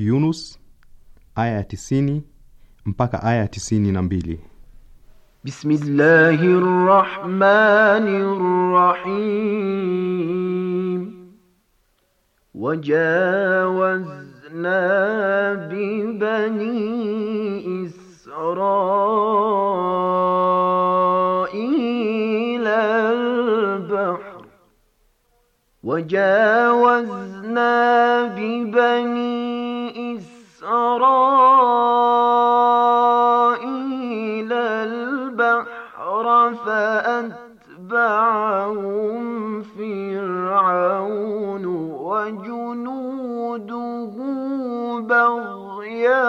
surati Yunus aya ya tisini mpaka aya ya tisini na mbili. Bismillahir Rahmanir Rahim Wajawazna bi bani Israil Wajawazna bi إسرائيل البحر فأتبعهم فرعون وجنوده بغيا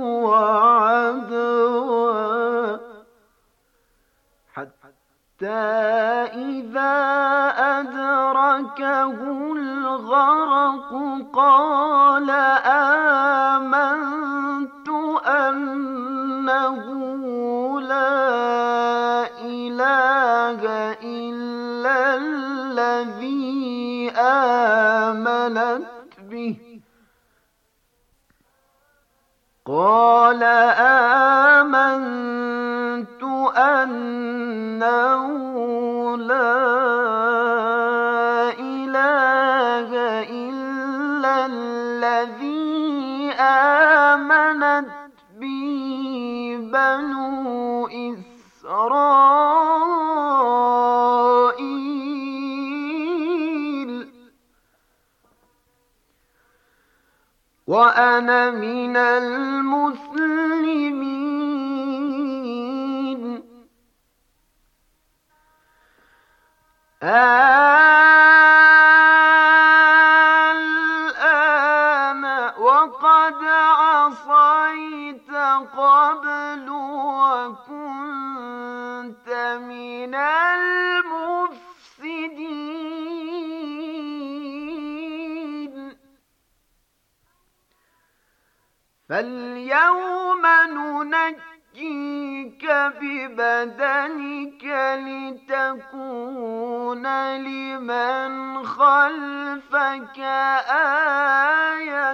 وعدوا حتى إذا أدركه الغرق قال آمنت أنه لا إله إلا الذي آمنت به قال آمنت أنه وأنا من المسلمين الآن وقد عصيت قبل وكنت فاليوم ننجيك ببدنك لتكون لمن خلفك آية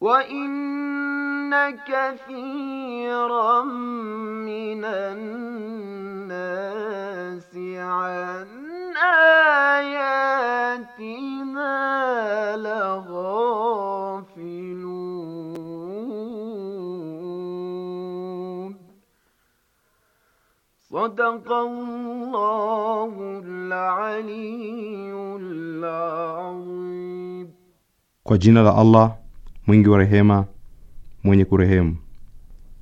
وإن كثيرا من الناس عن Kwa jina la Allah mwingi wa rehema mwenye kurehemu.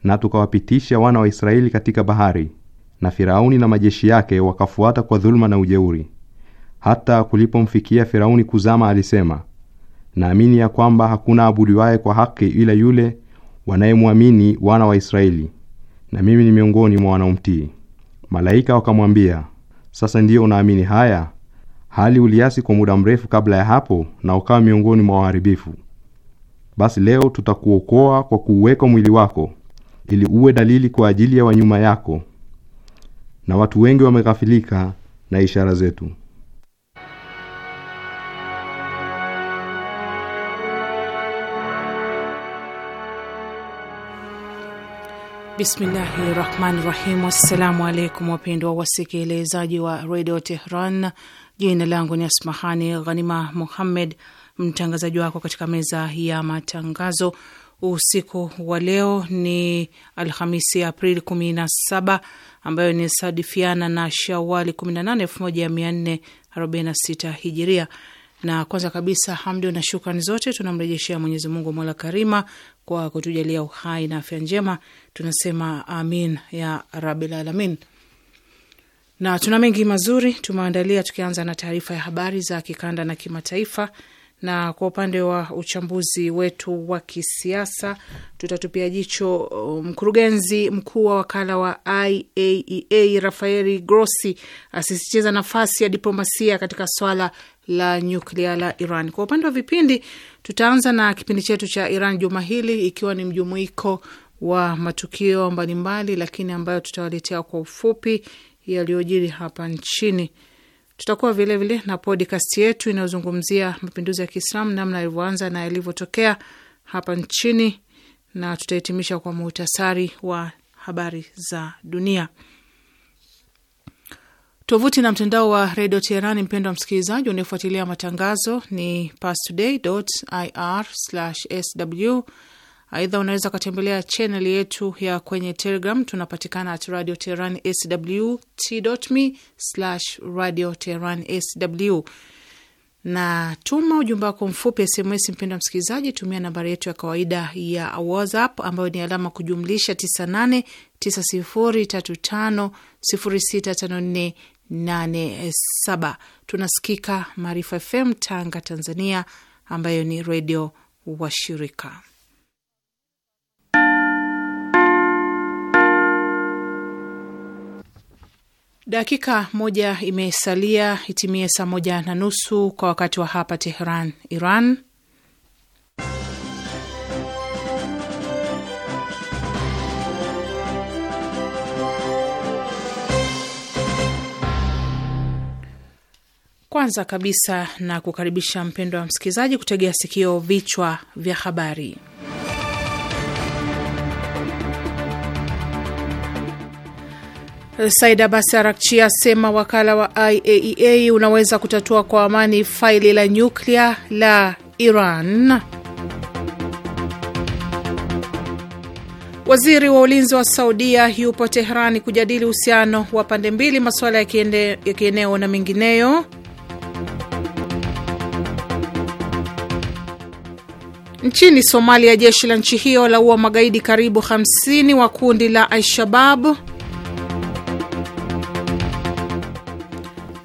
Na tukawapitisha wana wa Israeli katika bahari na Firauni na majeshi yake wakafuata kwa dhuluma na ujeuri. Hata kulipomfikia Firauni kuzama, alisema, naamini ya kwamba hakuna abudiwaye kwa haki ila yule wanayemwamini wana wa Israeli, na mimi ni miongoni mwa wanaomtii. Malaika wakamwambia, sasa ndiyo unaamini haya, hali uliasi kwa muda mrefu kabla ya hapo, na ukawa miongoni mwa waharibifu. Basi leo tutakuokoa kwa kuuweka mwili wako, ili uwe dalili kwa ajili ya wanyuma yako na watu wengi wameghafilika na ishara zetu. Bismillahi rahmani rahim. Assalamu alaikum wapendwa wasikilizaji wa redio Tehran. Jina langu ni Asmahani Ghanima Muhammed, mtangazaji wako katika meza ya matangazo usiku wa leo ni Alhamisi ya Aprili 17 ambayo ni sadifiana na Shawali 18 1446 Hijiria. Na kwanza kabisa, hamdu na shukrani zote tunamrejeshea Mwenyezi Mungu mola karima kwa kutujalia uhai na afya njema. Tunasema amin ya rabil alamin. Na tuna mengi mazuri tumeandalia, tukianza na taarifa ya habari za kikanda na kimataifa na kwa upande wa uchambuzi wetu wa kisiasa tutatupia jicho um, mkurugenzi mkuu wa wakala wa IAEA e Rafaeli Grossi asisitiza nafasi ya diplomasia katika swala la nyuklia la Iran. Kwa upande wa vipindi, tutaanza na kipindi chetu cha Iran juma hili, ikiwa ni mjumuiko wa matukio mbalimbali, lakini ambayo tutawaletea kwa ufupi yaliyojiri hapa nchini Tutakuwa vilevile na podcast yetu inayozungumzia mapinduzi ya Kiislamu, namna yalivyoanza na yalivyotokea hapa nchini, na tutahitimisha kwa muhtasari wa habari za dunia. Tovuti na mtandao wa redio Teherani, mpendo wa msikilizaji unayefuatilia matangazo ni pastoday.ir/sw Aidha, unaweza ukatembelea chaneli yetu ya kwenye Telegram, tunapatikana at radio teheran sw t.me slash radio teheran sw, na tuma ujumbe wako mfupi SMS. wa msikilizaji, tumia nambari yetu ya kawaida ya WhatsApp ambayo ni alama kujumlisha 989035065487. Tunasikika Maarifa FM Tanga, Tanzania, ambayo ni redio washirika. Dakika moja imesalia itimie saa moja na nusu kwa wakati wa hapa Tehran, Iran. Kwanza kabisa na kukaribisha mpendo wa msikilizaji kutegea sikio vichwa vya habari. Said abasi Arakchi asema wakala wa IAEA e unaweza kutatua kwa amani faili la nyuklia la Iran. Waziri wa ulinzi wa Saudia yupo Teherani kujadili uhusiano wa pande mbili, masuala ya kieneo na mengineyo. Nchini Somalia, jeshi la nchi hiyo laua magaidi karibu 50 wa kundi la Al-Shabab.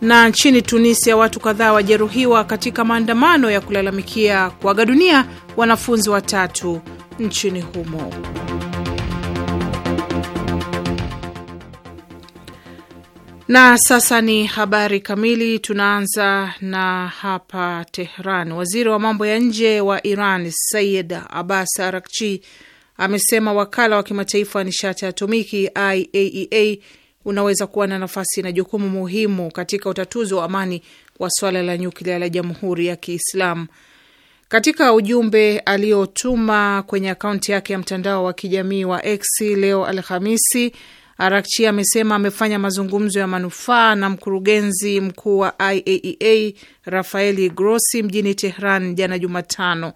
Na nchini Tunisia watu kadhaa wajeruhiwa katika maandamano ya kulalamikia kuaga dunia wanafunzi watatu nchini humo. Na sasa ni habari kamili. Tunaanza na hapa Tehran. Waziri wa mambo ya nje wa Iran Sayid Abbas Arakchi amesema wakala wa kimataifa wa nishati ya atomiki IAEA e unaweza kuwa na nafasi na jukumu muhimu katika utatuzi wa amani wa swala la nyuklia la Jamhuri ya Kiislamu. Katika ujumbe aliotuma kwenye akaunti yake ya mtandao wa kijamii wa X leo Alhamisi, Arakchi amesema amefanya mazungumzo ya manufaa na mkurugenzi mkuu wa IAEA e Rafaeli Grossi mjini Tehran jana Jumatano.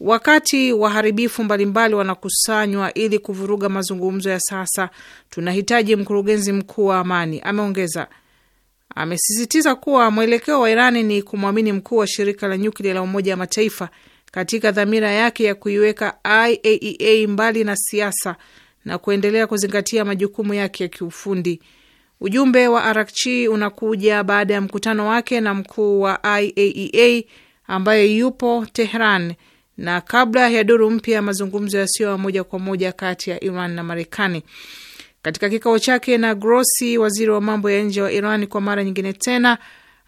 Wakati waharibifu mbalimbali wanakusanywa ili kuvuruga mazungumzo ya sasa, tunahitaji mkurugenzi mkuu wa amani, ameongeza. Amesisitiza kuwa mwelekeo wa Irani ni kumwamini mkuu wa shirika la nyuklia la Umoja wa Mataifa katika dhamira yake ya kuiweka IAEA e mbali na siasa na kuendelea kuzingatia majukumu yake ya kiufundi. Ujumbe wa Arakchi unakuja baada ya mkutano wake na mkuu wa IAEA e ambaye yupo Tehran na kabla ya duru mpya ya mazungumzo yasiyo ya moja kwa moja kati ya Iran na Marekani. Katika kikao chake na Grossi, waziri wa mambo ya nje wa Iran, kwa mara nyingine tena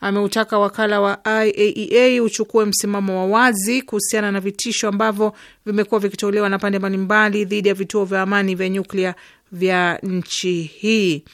ameutaka wakala wa IAEA e uchukue msimamo wa wazi kuhusiana na vitisho ambavyo vimekuwa vikitolewa na pande mbalimbali dhidi ya vituo vya amani vya nyuklia vya nchi hii.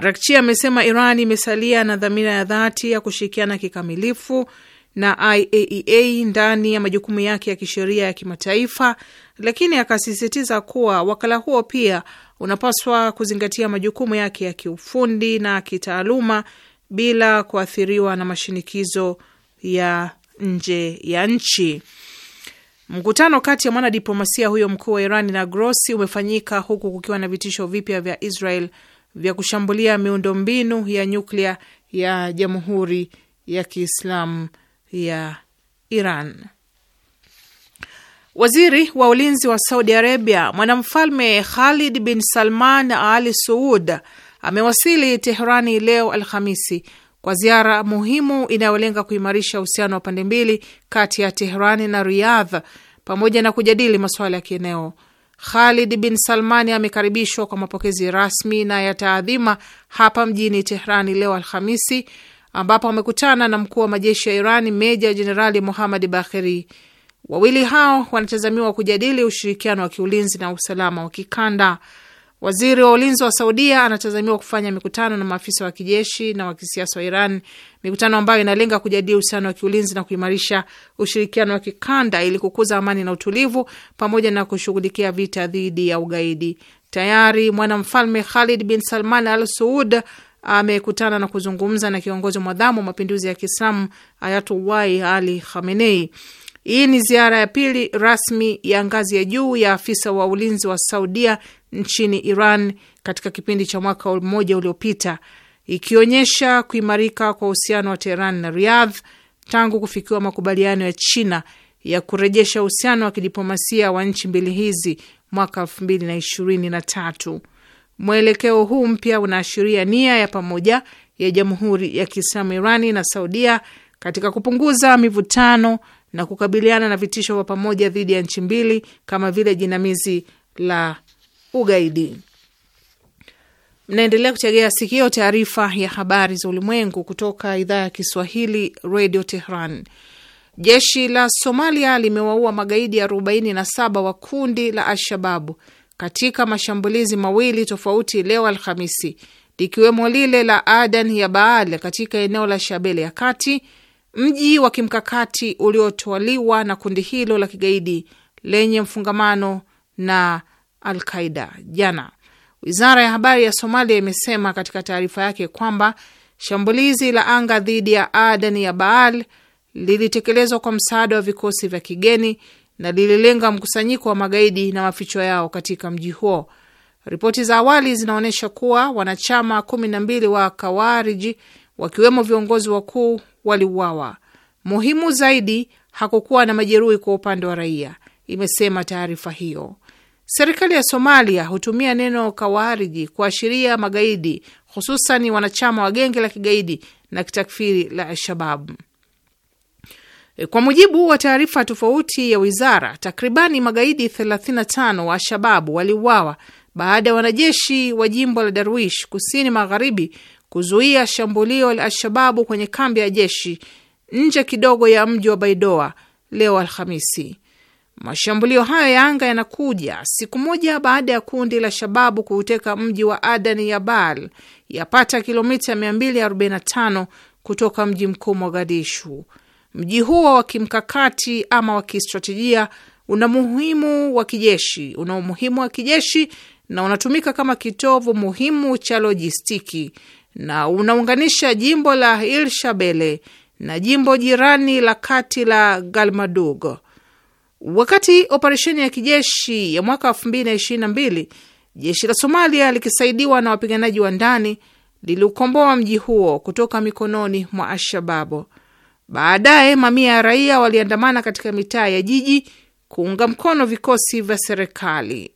Rakchi amesema Iran imesalia na dhamira ya dhati ya kushirikiana kikamilifu na IAEA e ndani ya majukumu yake ya kisheria ya kimataifa, lakini akasisitiza kuwa wakala huo pia unapaswa kuzingatia majukumu yake ya kiufundi na kitaaluma bila kuathiriwa na mashinikizo ya nje ya nchi. Mkutano kati ya mwanadiplomasia huyo mkuu wa Iran na Grossi umefanyika huku kukiwa na vitisho vipya vya Israel vya kushambulia miundombinu ya nyuklia ya Jamhuri ya Kiislamu ya Iran. Waziri wa ulinzi wa Saudi Arabia, mwanamfalme Khalid bin Salman Al suud amewasili Teherani leo Alhamisi kwa ziara muhimu inayolenga kuimarisha uhusiano wa pande mbili kati ya Teherani na Riyadh pamoja na kujadili masuala ya kieneo. Khalid bin Salmani amekaribishwa kwa mapokezi rasmi na ya taadhima hapa mjini Teherani leo Alhamisi ambapo wamekutana na mkuu wa majeshi ya Iran meja jenerali Mohammad Bagheri. Wawili hao wanatazamiwa kujadili ushirikiano wa kiulinzi na usalama wa kikanda. Waziri wa ulinzi wa Saudia anatazamiwa kufanya mikutano na maafisa wa kijeshi na wa kisiasa wa Iran, mikutano ambayo inalenga kujadili uhusiano wa kiulinzi na kuimarisha ushirikiano wa kikanda ili kukuza amani na utulivu pamoja na kushughulikia vita dhidi ya ugaidi. Tayari mwanamfalme Khalid bin Salman al Saud amekutana na kuzungumza na kiongozi mwadhamu wa mapinduzi ya Kiislamu Ayatullahi Ali Khamenei. Hii ni ziara ya pili rasmi ya ngazi ya juu ya afisa wa ulinzi wa Saudia nchini Iran katika kipindi cha mwaka mmoja uliopita, ikionyesha kuimarika kwa uhusiano wa Teheran na Riyadh tangu kufikiwa makubaliano ya China ya kurejesha uhusiano wa kidiplomasia wa nchi mbili hizi mwaka elfu mbili na ishirini na tatu. Mwelekeo huu mpya unaashiria nia ya pamoja ya Jamhuri ya Kiislamu Irani na Saudia katika kupunguza mivutano na kukabiliana na vitisho vya pamoja dhidi ya nchi mbili kama vile jinamizi la ugaidi. Mnaendelea kutegea sikio taarifa ya habari za ulimwengu kutoka idhaa ya Kiswahili, Radio Tehran. Jeshi la Somalia limewaua magaidi 47 wa kundi la Alshababu katika mashambulizi mawili tofauti leo Alhamisi, likiwemo lile la Adan ya Baal katika eneo la Shabele ya kati, mji wa kimkakati uliotwaliwa na kundi hilo la kigaidi lenye mfungamano na Alqaida jana. Wizara ya habari ya Somalia imesema katika taarifa yake kwamba shambulizi la anga dhidi ya adan ya Baal lilitekelezwa kwa msaada wa vikosi vya kigeni na lililenga mkusanyiko wa magaidi na maficho yao katika mji huo. Ripoti za awali zinaonyesha kuwa wanachama kumi na mbili wa Kawariji, wakiwemo viongozi wakuu, waliuawa. Muhimu zaidi, hakukuwa na majeruhi kwa upande wa raia, imesema taarifa hiyo. Serikali ya Somalia hutumia neno kawariji kuashiria magaidi, hususan wanachama wa genge la kigaidi na kitakfiri la Alshababu. E, kwa mujibu wa taarifa tofauti ya wizara, takribani magaidi 35 wa Alshababu waliuawa baada ya wanajeshi wa jimbo la Darwish kusini magharibi kuzuia shambulio la Alshababu kwenye kambi ya jeshi nje kidogo ya mji wa Baidoa leo Alhamisi. Mashambulio hayo ya anga yanakuja siku moja baada ya kundi la shababu kuuteka mji wa ya Bal, yapata kilomita 245 kutoka mji mkuu Mogadishu. Mji huo wa kimkakati ama wa kistratejia una muhimu wa kijeshi, una umuhimu wa kijeshi na unatumika kama kitovu muhimu cha lojistiki na unaunganisha jimbo la ilshabele na jimbo jirani la kati la Galmadugo. Wakati operesheni ya kijeshi ya mwaka mbili, jeshi la Somalia likisaidiwa na wapiganaji wa ndani liliukomboa mji huo kutoka mikononi mwa Alshababu. Baadaye mamia ya raia waliandamana katika mitaa ya jiji kuunga mkono vikosi vya serikali.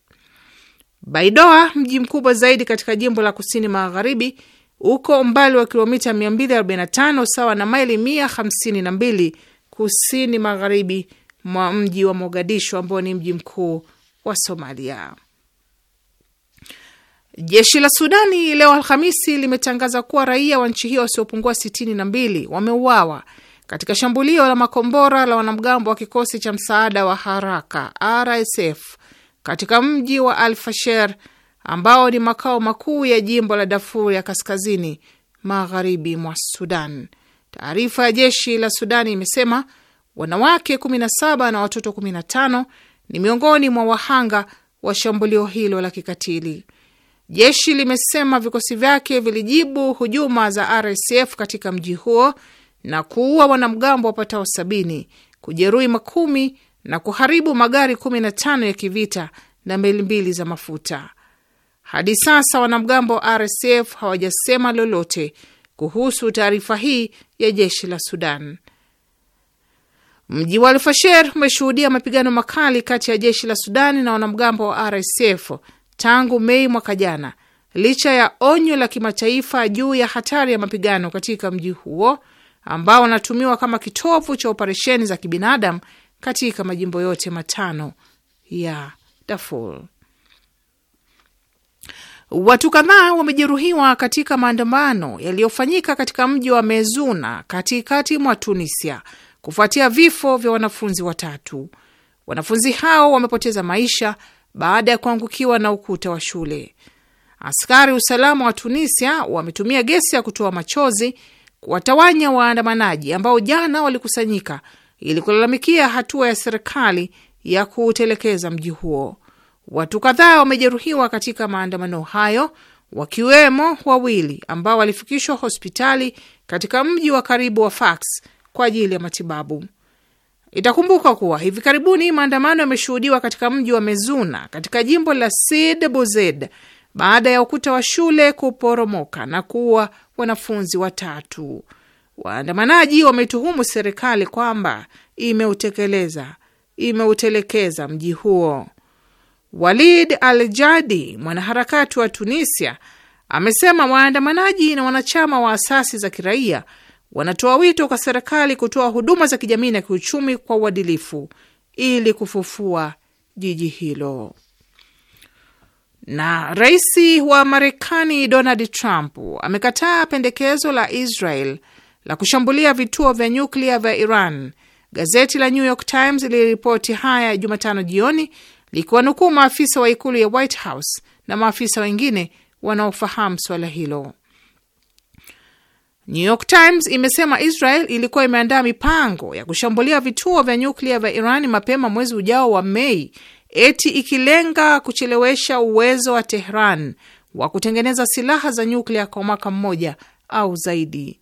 Baidoa, mji mkubwa zaidi katika jimbo la kusini magharibi, uko umbali wa kilomita 245 sawa na maili 152 kusini magharibi mwa mji wa Mogadishu ambao ni mji mkuu wa Somalia. Jeshi la Sudani leo Alhamisi limetangaza kuwa raia wa nchi hiyo wasiopungua 62 wameuawa katika shambulio la makombora la wanamgambo wa kikosi cha msaada wa haraka RSF katika mji wa Al Fasher ambao ni makao makuu ya jimbo la Darfur ya kaskazini magharibi mwa Sudan. Taarifa ya jeshi la Sudani imesema wanawake 17 na watoto 15 ni miongoni mwa wahanga wa shambulio hilo la kikatili. Jeshi limesema vikosi vyake vilijibu hujuma za RSF katika mji huo na kuua wanamgambo wapatao sabini, kujeruhi makumi na kuharibu magari 15 ya kivita na meli mbili za mafuta. Hadi sasa wanamgambo wa RSF hawajasema lolote kuhusu taarifa hii ya jeshi la Sudan. Mji wa Alfasher umeshuhudia mapigano makali kati ya jeshi la Sudani na wanamgambo wa RSF tangu Mei mwaka jana, licha ya onyo la kimataifa juu ya hatari ya mapigano katika mji huo ambao wanatumiwa kama kitovu cha operesheni za kibinadamu katika majimbo yote matano ya Darfur. Watu kadhaa wamejeruhiwa katika maandamano yaliyofanyika katika mji wa Mezuna katikati mwa Tunisia kufuatia vifo vya wanafunzi watatu. Wanafunzi hao wamepoteza maisha baada ya kuangukiwa na ukuta wa shule. Askari usalama wa Tunisia wametumia gesi ya kutoa machozi kuwatawanya waandamanaji ambao jana walikusanyika ili kulalamikia hatua ya serikali ya kuutelekeza mji huo. Watu kadhaa wamejeruhiwa katika maandamano hayo, wakiwemo wawili ambao walifikishwa hospitali katika mji wa karibu wa Fax kwa ajili ya matibabu. Itakumbuka kuwa hivi karibuni maandamano yameshuhudiwa katika mji wa Mezuna katika jimbo la Sud Bouzid baada ya ukuta wa shule kuporomoka na kuwa wanafunzi watatu. Waandamanaji wametuhumu serikali kwamba imeutekeleza imeutelekeza mji huo. Walid Al Jadi, mwanaharakati wa Tunisia, amesema waandamanaji na wanachama wa asasi za kiraia wanatoa wito kwa serikali kutoa huduma za kijamii na kiuchumi kwa uadilifu ili kufufua jiji hilo. Na rais wa Marekani Donald Trump amekataa pendekezo la Israel la kushambulia vituo vya nyuklia vya Iran. Gazeti la New York Times liliripoti haya Jumatano jioni likiwanukuu maafisa wa ikulu ya White House na maafisa wengine wanaofahamu swala hilo. New York Times imesema Israel ilikuwa imeandaa mipango ya kushambulia vituo vya nyuklia vya Iran mapema mwezi ujao wa Mei eti ikilenga kuchelewesha uwezo wa Tehran wa kutengeneza silaha za nyuklia kwa mwaka mmoja au zaidi.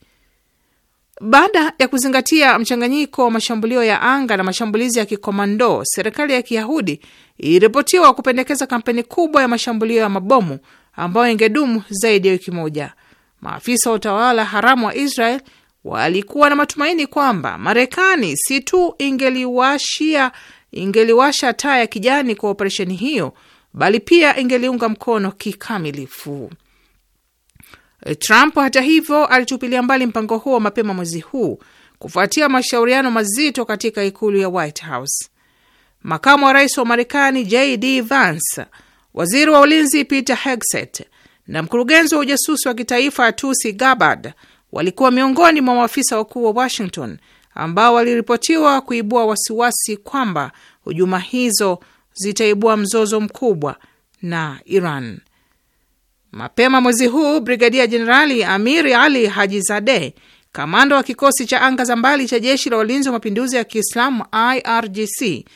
Baada ya kuzingatia mchanganyiko wa mashambulio ya anga na mashambulizi ya kikomando, serikali ya Kiyahudi iliripotiwa kupendekeza kampeni kubwa ya mashambulio ya mabomu ambayo ingedumu zaidi ya wiki moja. Maafisa wa utawala haramu wa Israel walikuwa na matumaini kwamba Marekani si tu ingeliwashia ingeliwasha taa ya kijani kwa operesheni hiyo, bali pia ingeliunga mkono kikamilifu. E, Trump hata hivyo alitupilia mbali mpango huo mapema mwezi huu kufuatia mashauriano mazito katika ikulu ya White House. Makamu wa rais wa Marekani JD Vance, waziri wa ulinzi Peter Hegseth na mkurugenzi wa ujasusi wa kitaifa Tulsi Gabbard walikuwa miongoni mwa maafisa wakuu wa Washington ambao waliripotiwa kuibua wasiwasi kwamba hujuma hizo zitaibua mzozo mkubwa na Iran. Mapema mwezi huu, Brigadia Jenerali amir Ali zade kamanda wa kikosi cha anga za mbali cha jeshi la walinzi wa mapinduzi ya Kiislamu IRGC,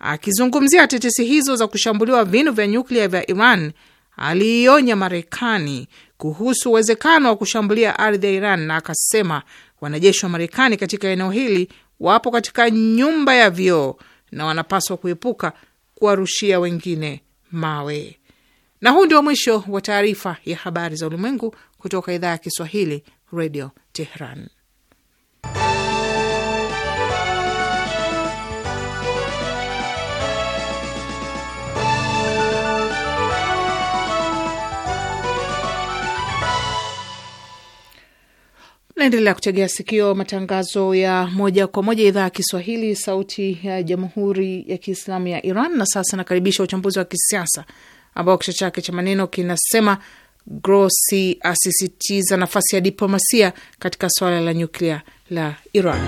akizungumzia tetesi hizo za kushambuliwa vinu vya nyuklia vya Iran, aliionya Marekani kuhusu uwezekano wa kushambulia ardhi ya Iran na akasema Wanajeshi wa Marekani katika eneo hili wapo katika nyumba ya vioo na wanapaswa kuepuka kuwarushia wengine mawe. Na huu ndio mwisho wa taarifa ya habari za ulimwengu kutoka idhaa ya Kiswahili, Radio Tehran. Naendelea kutegea sikio matangazo ya moja kwa moja idhaa ya Kiswahili, sauti ya jamhuri ya kiislamu ya Iran. Na sasa nakaribisha uchambuzi wa kisiasa ambao kichwa chake cha maneno kinasema Grossi asisitiza nafasi ya diplomasia katika suala la nyuklia la Iran.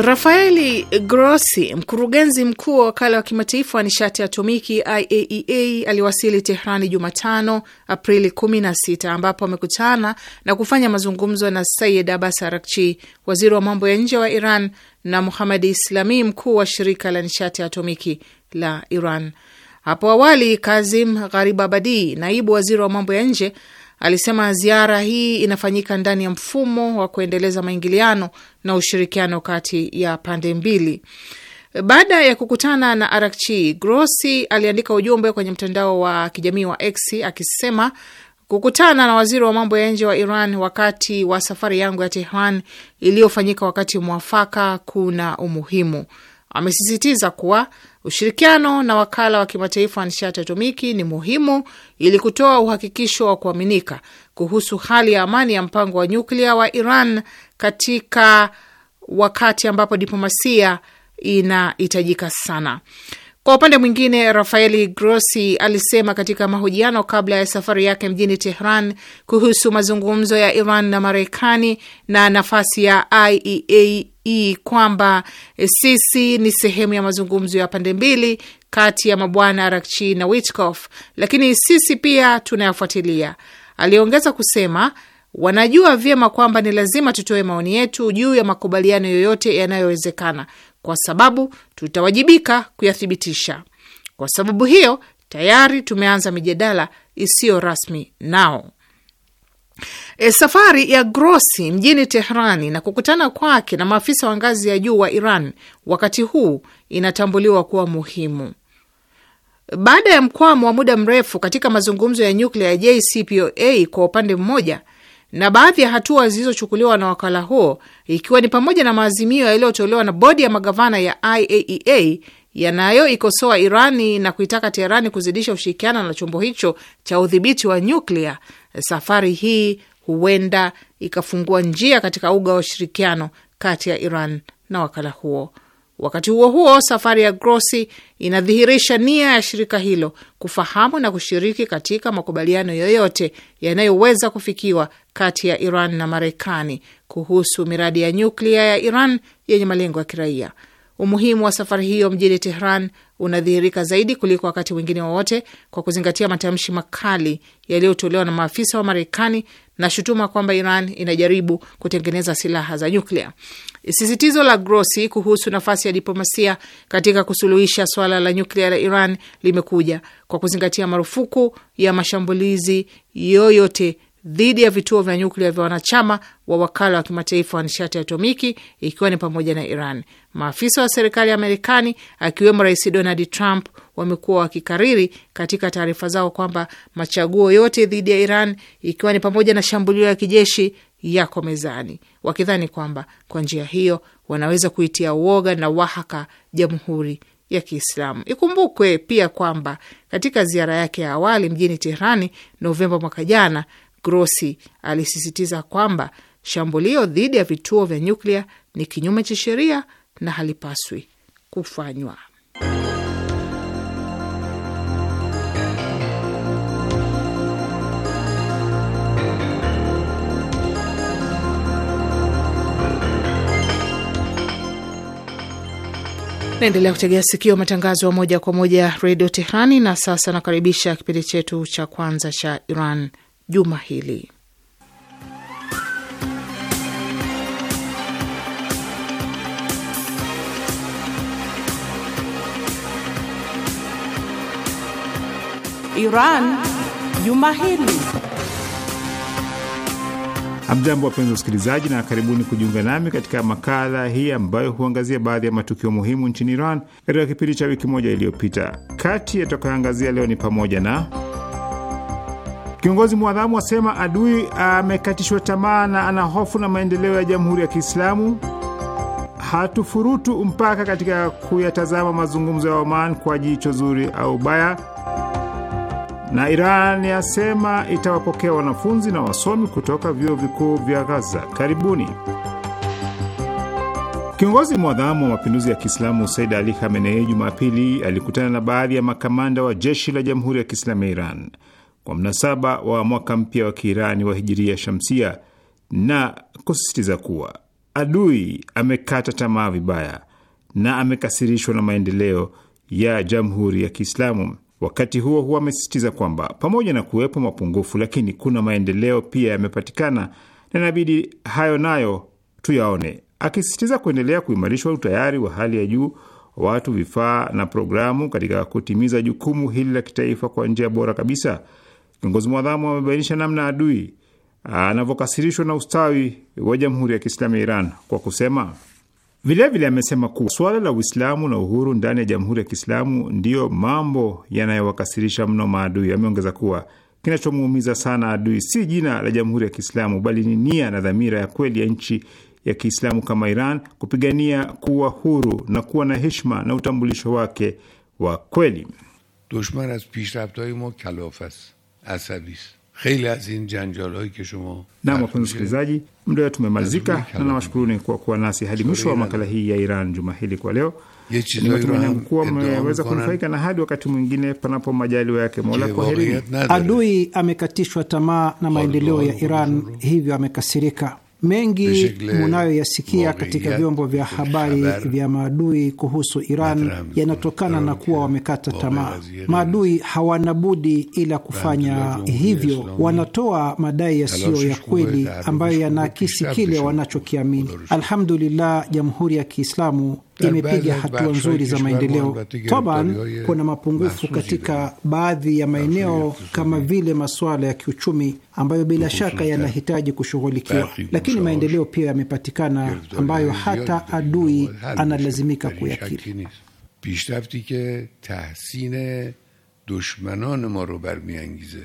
Rafaeli Grossi, mkurugenzi mkuu wa wakala wa kimataifa wa nishati ya atomiki IAEA, e aliwasili Tehrani Jumatano, Aprili 16, ambapo amekutana na kufanya mazungumzo na Sayid Abbas Arakchi, waziri wa mambo ya nje wa Iran, na Muhamadi Islami, mkuu wa shirika la nishati ya atomiki la Iran. Hapo awali Kazim Gharibabadi, naibu waziri wa mambo ya nje, Alisema ziara hii inafanyika ndani ya mfumo wa kuendeleza maingiliano na ushirikiano kati ya pande mbili. Baada ya kukutana na Arakchi, Grossi aliandika ujumbe kwenye mtandao wa kijamii wa X akisema kukutana na waziri wa mambo ya nje wa Iran wakati wa safari yangu ya Tehran iliyofanyika wakati mwafaka kuna umuhimu. Amesisitiza kuwa Ushirikiano na wakala wa kimataifa wa nishati atomiki ni muhimu ili kutoa uhakikisho wa kuaminika kuhusu hali ya amani ya mpango wa nyuklia wa Iran katika wakati ambapo diplomasia inahitajika sana. Kwa upande mwingine, Rafaeli Grossi alisema katika mahojiano kabla ya safari yake mjini Tehran kuhusu mazungumzo ya Iran na Marekani na nafasi ya IAEA kwamba sisi ni sehemu ya mazungumzo ya pande mbili kati ya mabwana Arakchi na Witkoff, lakini sisi pia tunayafuatilia. Aliongeza kusema wanajua vyema kwamba ni lazima tutoe maoni yetu juu ya makubaliano yoyote yanayowezekana kwa sababu tutawajibika kuyathibitisha. Kwa sababu hiyo, tayari tumeanza mijadala isiyo rasmi nao. E, safari ya Grossi mjini Tehrani na kukutana kwake na maafisa wa ngazi ya juu wa Iran wakati huu inatambuliwa kuwa muhimu. Baada ya mkwamo wa muda mrefu katika mazungumzo ya nyuklia ya JCPOA kwa upande mmoja na baadhi ya hatua zilizochukuliwa na wakala huo ikiwa ni pamoja na maazimio yaliyotolewa na bodi ya magavana ya IAEA yanayoikosoa Irani na kuitaka Teherani kuzidisha ushirikiano na chombo hicho cha udhibiti wa nyuklia. Safari hii huenda ikafungua njia katika uga wa ushirikiano kati ya Iran na wakala huo. Wakati huo huo, safari ya Grossi inadhihirisha nia ya shirika hilo kufahamu na kushiriki katika makubaliano yoyote yanayoweza kufikiwa kati ya Iran na Marekani kuhusu miradi ya nyuklia ya Iran yenye malengo ya kiraia. Umuhimu wa safari hiyo mjini Tehran unadhihirika zaidi kuliko wakati mwingine wowote kwa kuzingatia matamshi makali yaliyotolewa na maafisa wa Marekani na shutuma kwamba Iran inajaribu kutengeneza silaha za nyuklia. Sisitizo la Grossi kuhusu nafasi ya diplomasia katika kusuluhisha swala la nyuklia la Iran limekuja kwa kuzingatia marufuku ya mashambulizi yoyote dhidi ya vituo vya nyuklia vya wanachama wa wakala wa kimataifa wa nishati ya atomiki ikiwa ni pamoja na Iran. Maafisa wa serikali ya Marekani akiwemo Rais Donald Trump wamekuwa wakikariri katika taarifa zao kwamba machaguo yote dhidi ya Iran ikiwa ni pamoja na shambulio ya kijeshi yako mezani, wakidhani kwamba kwa njia hiyo wanaweza kuitia uoga na wahaka jamhuri ya Kiislamu. Ikumbukwe pia kwamba katika ziara yake ya awali mjini tehrani Novemba mwaka jana, Grossi alisisitiza kwamba shambulio dhidi ya vituo vya nyuklia ni kinyume cha sheria na halipaswi kufanywa. Naendelea kutegea sikio matangazo ya moja kwa moja redio Tehrani. Na sasa nakaribisha kipindi chetu cha kwanza cha Iran juma hili, Iran juma hili. Amjambo, wapenzi wasikilizaji, na karibuni kujiunga nami katika makala hii ambayo huangazia baadhi ya matukio muhimu nchini Iran katika kipindi cha wiki moja iliyopita. Kati yatakayoangazia leo ni pamoja na kiongozi mwadhamu asema adui amekatishwa tamaa na ana hofu na maendeleo ya Jamhuri ya Kiislamu, hatufurutu mpaka katika kuyatazama mazungumzo ya Oman kwa jicho zuri au baya na Iran yasema itawapokea wanafunzi na wasomi kutoka vyuo vikuu vya Ghaza. Karibuni. Kiongozi mwadhamu wa mapinduzi ya Kiislamu Said Ali Khamenei Jumapili alikutana na baadhi ya makamanda wa jeshi la jamhuri ya Kiislamu ya Iran kwa mnasaba wa mwaka mpya wa Kiirani wa hijiria shamsia na kusisitiza kuwa adui amekata tamaa vibaya na amekasirishwa na maendeleo ya jamhuri ya Kiislamu. Wakati huo huo, amesisitiza kwamba pamoja na kuwepo mapungufu, lakini kuna maendeleo pia yamepatikana na inabidi hayo nayo tuyaone, akisisitiza kuendelea kuimarishwa utayari wa hali ya juu watu, vifaa na programu katika kutimiza jukumu hili la kitaifa kwa njia bora kabisa. Kiongozi mwadhamu amebainisha namna adui anavyokasirishwa na ustawi wa Jamhuri ya Kiislamu ya Iran kwa kusema Vilevile amesema kuwa suala la Uislamu na uhuru ndani ya Jamhuri ya Kiislamu ndiyo mambo yanayowakasirisha mno maadui. Ameongeza kuwa kinachomuumiza sana adui si jina la Jamhuri ya Kiislamu bali ni nia na dhamira ya kweli ya nchi ya Kiislamu kama Iran kupigania kuwa huru na kuwa na heshima na utambulisho wake wa kweli. dushman az pishraftai mo kalaf ast خیلی از این جنجال هایی که شما نه na nawashukuruni kwa kuwa nasi hadi mwisho wa makala hii ya Iran juma hili kwa leo. Ni matumaini yangu kuwa mmeweza kunufaika, na hadi wakati mwingine, panapo majaliwa yake Mola, Adui amekatishwa tamaa na maendeleo ya Iran, hivyo amekasirika. Mengi munayoyasikia katika vyombo vya habari vya maadui kuhusu Iran yanatokana na kuwa wamekata tamaa. Maadui hawana budi ila kufanya hivyo. Wanatoa madai yasiyo ya kweli ambayo yanaakisi kile wanachokiamini. Alhamdulillah, Jamhuri ya Kiislamu imepiga hatua nzuri za maendeleo. Taban eh, kuna mapungufu katika eh, baadhi ya maeneo kama eh. vile masuala ya kiuchumi ambayo bila shaka yanahitaji kushughulikiwa, lakini maendeleo pia yamepatikana ambayo hata adui analazimika kuyakiri. pishrafti ke tahsin dushmanan ma ro barmiangize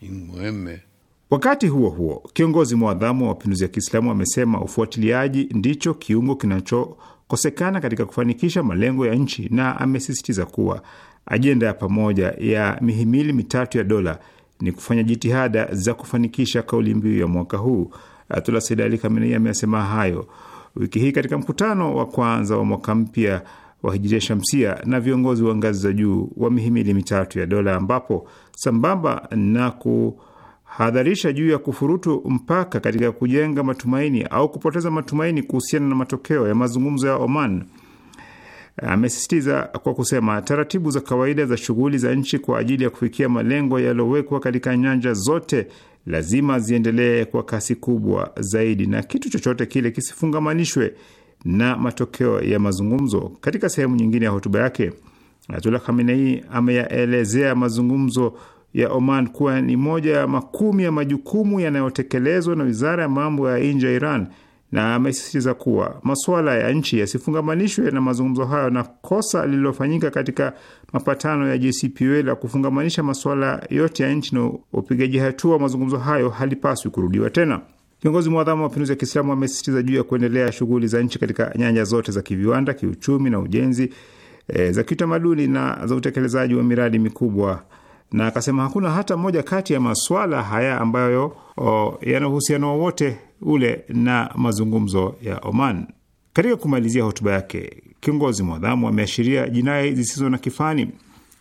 in muhimme Wakati huo huo, kiongozi mwadhamu wa mapinduzi ya Kiislamu amesema ufuatiliaji ndicho kiungo kinacho kukosekana katika kufanikisha malengo ya nchi, na amesisitiza kuwa ajenda ya pamoja ya mihimili mitatu ya dola ni kufanya jitihada za kufanikisha kauli mbiu ya mwaka huu. Ayatullah Sayyid Ali Khamenei amesema hayo wiki hii katika mkutano wa kwanza wa mwaka mpya wa hijiria shamsia na viongozi wa ngazi za juu wa mihimili mitatu ya dola, ambapo sambamba na ku hadharisha juu ya kufurutu mpaka katika kujenga matumaini au kupoteza matumaini kuhusiana na matokeo ya mazungumzo ya Oman. Amesisitiza kwa kusema taratibu za kawaida za shughuli za nchi kwa ajili ya kufikia malengo yaliyowekwa katika nyanja zote lazima ziendelee kwa kasi kubwa zaidi, na kitu chochote kile kisifungamanishwe na matokeo ya mazungumzo. Katika sehemu nyingine ya hotuba yake, Ayatullah Khamenei ameyaelezea mazungumzo ya Oman kuwa ni moja ya makumi ya majukumu yanayotekelezwa na wizara ya mambo ya nje ya Iran na amesisitiza kuwa masuala ya nchi yasifungamanishwe na mazungumzo hayo na kosa lililofanyika katika mapatano ya JCPOA la kufungamanisha masuala yote ya nchi na upigaji hatua wa mazungumzo hayo halipaswi kurudiwa tena. Kiongozi mwadhamu wa mapinduzi ya Kiislamu amesisitiza juu ya kuendelea shughuli za nchi katika nyanja zote za kiviwanda, kiuchumi na ujenzi, e, za kiutamaduni na za utekelezaji wa miradi mikubwa na akasema hakuna hata moja kati ya maswala haya ambayo yana uhusiano wowote ule na mazungumzo ya Oman. Katika kumalizia hotuba yake, kiongozi mwadhamu ameashiria jinai zisizo na kifani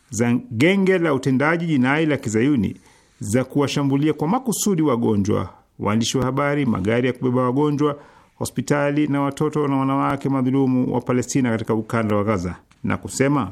za genge la utendaji jinai la kizayuni za kuwashambulia kwa makusudi wagonjwa, waandishi wa habari, magari ya kubeba wagonjwa, hospitali na watoto na wanawake madhulumu wa Palestina katika ukanda wa Gaza na kusema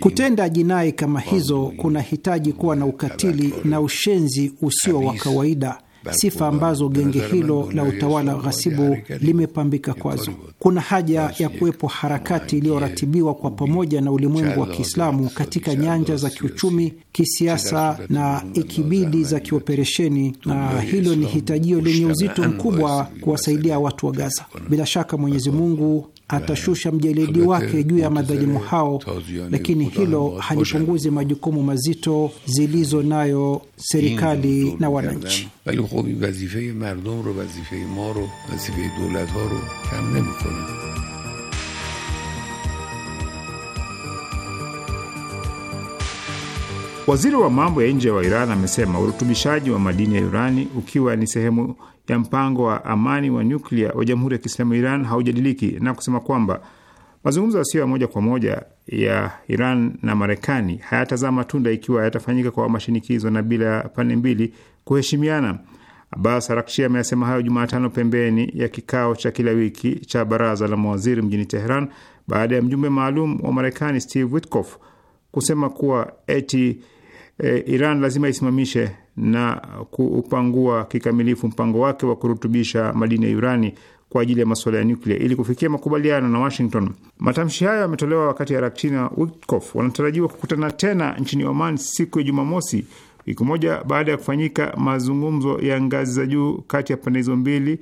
kutenda jinai kama hizo kunahitaji kuwa na ukatili na ushenzi usio wa kawaida sifa ambazo genge hilo la utawala ghasibu limepambika kwazo. Kuna haja ya kuwepo harakati iliyoratibiwa kwa pamoja na ulimwengu wa Kiislamu katika nyanja za kiuchumi, kisiasa na ikibidi za kioperesheni, na hilo ni hitajio lenye uzito mkubwa kuwasaidia watu wa Gaza. Bila shaka Mwenyezi Mungu atashusha mjeledi wake juu ya madhalimu hao, lakini hilo halipunguzi majukumu mazito zilizo nayo serikali na wananchi. Waziri wa mambo ya nje wa Iran amesema urutubishaji wa madini ya urani ukiwa ni sehemu ya mpango wa amani wa nyuklia wa Jamhuri ya Kiislamu ya Iran haujadiliki na kusema kwamba mazungumzo yasiyo ya moja kwa moja ya Iran na Marekani hayatazaa matunda ikiwa yatafanyika kwa mashinikizo na bila ya pande mbili kuheshimiana. Abbas Arakshi ameyasema hayo Jumatano pembeni ya kikao cha kila wiki cha baraza la mawaziri mjini Teheran baada ya mjumbe maalum wa Marekani Steve Witkoff kusema kuwa eti Eh, Iran lazima isimamishe na kuupangua kikamilifu mpango wake wa kurutubisha madini ya urani kwa ajili ya masuala ya nuklia ili kufikia makubaliano na Washington. Matamshi hayo yametolewa wakati ya na Witkoff wanatarajiwa kukutana tena nchini Oman siku ya Jumamosi, wiki moja baada ya kufanyika mazungumzo ya ngazi za juu kati ya pande hizo mbili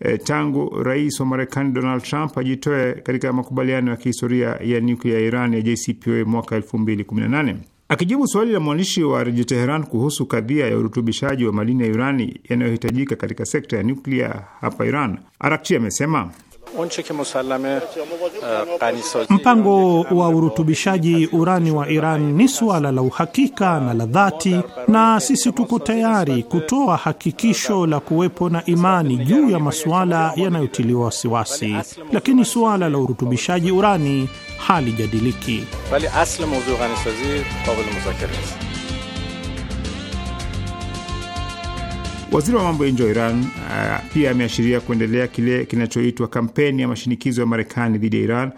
e, tangu rais wa Marekani Donald Trump ajitoe katika makubaliano ya kihistoria ya nuklia ya Iran ya JCPOA mwaka 2018. Akijibu swali la mwandishi wa redio Teheran kuhusu kadhia ya urutubishaji wa madini ya urani yanayohitajika katika sekta ya nyuklia hapa Iran, Arakchi amesema Uh, Mpango wa urutubishaji urani wa Iran ni suala la uhakika na la dhati, na sisi tuko tayari kutoa hakikisho la kuwepo na imani juu ya masuala yanayotiliwa wasiwasi, lakini suala la urutubishaji urani halijadiliki. Waziri wa mambo ya nje wa Iran uh, pia ameashiria kuendelea kile kinachoitwa kampeni ya mashinikizo ya Marekani dhidi ya Iran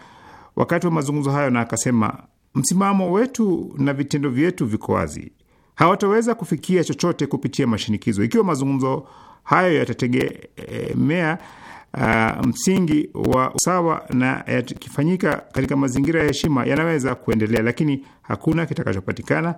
wakati wa mazungumzo hayo, na akasema msimamo wetu na vitendo vyetu viko wazi, hawataweza kufikia chochote kupitia mashinikizo ikiwa mazungumzo hayo yatategemea uh, msingi wa usawa na yakifanyika katika mazingira ya heshima yanaweza kuendelea, lakini hakuna kitakachopatikana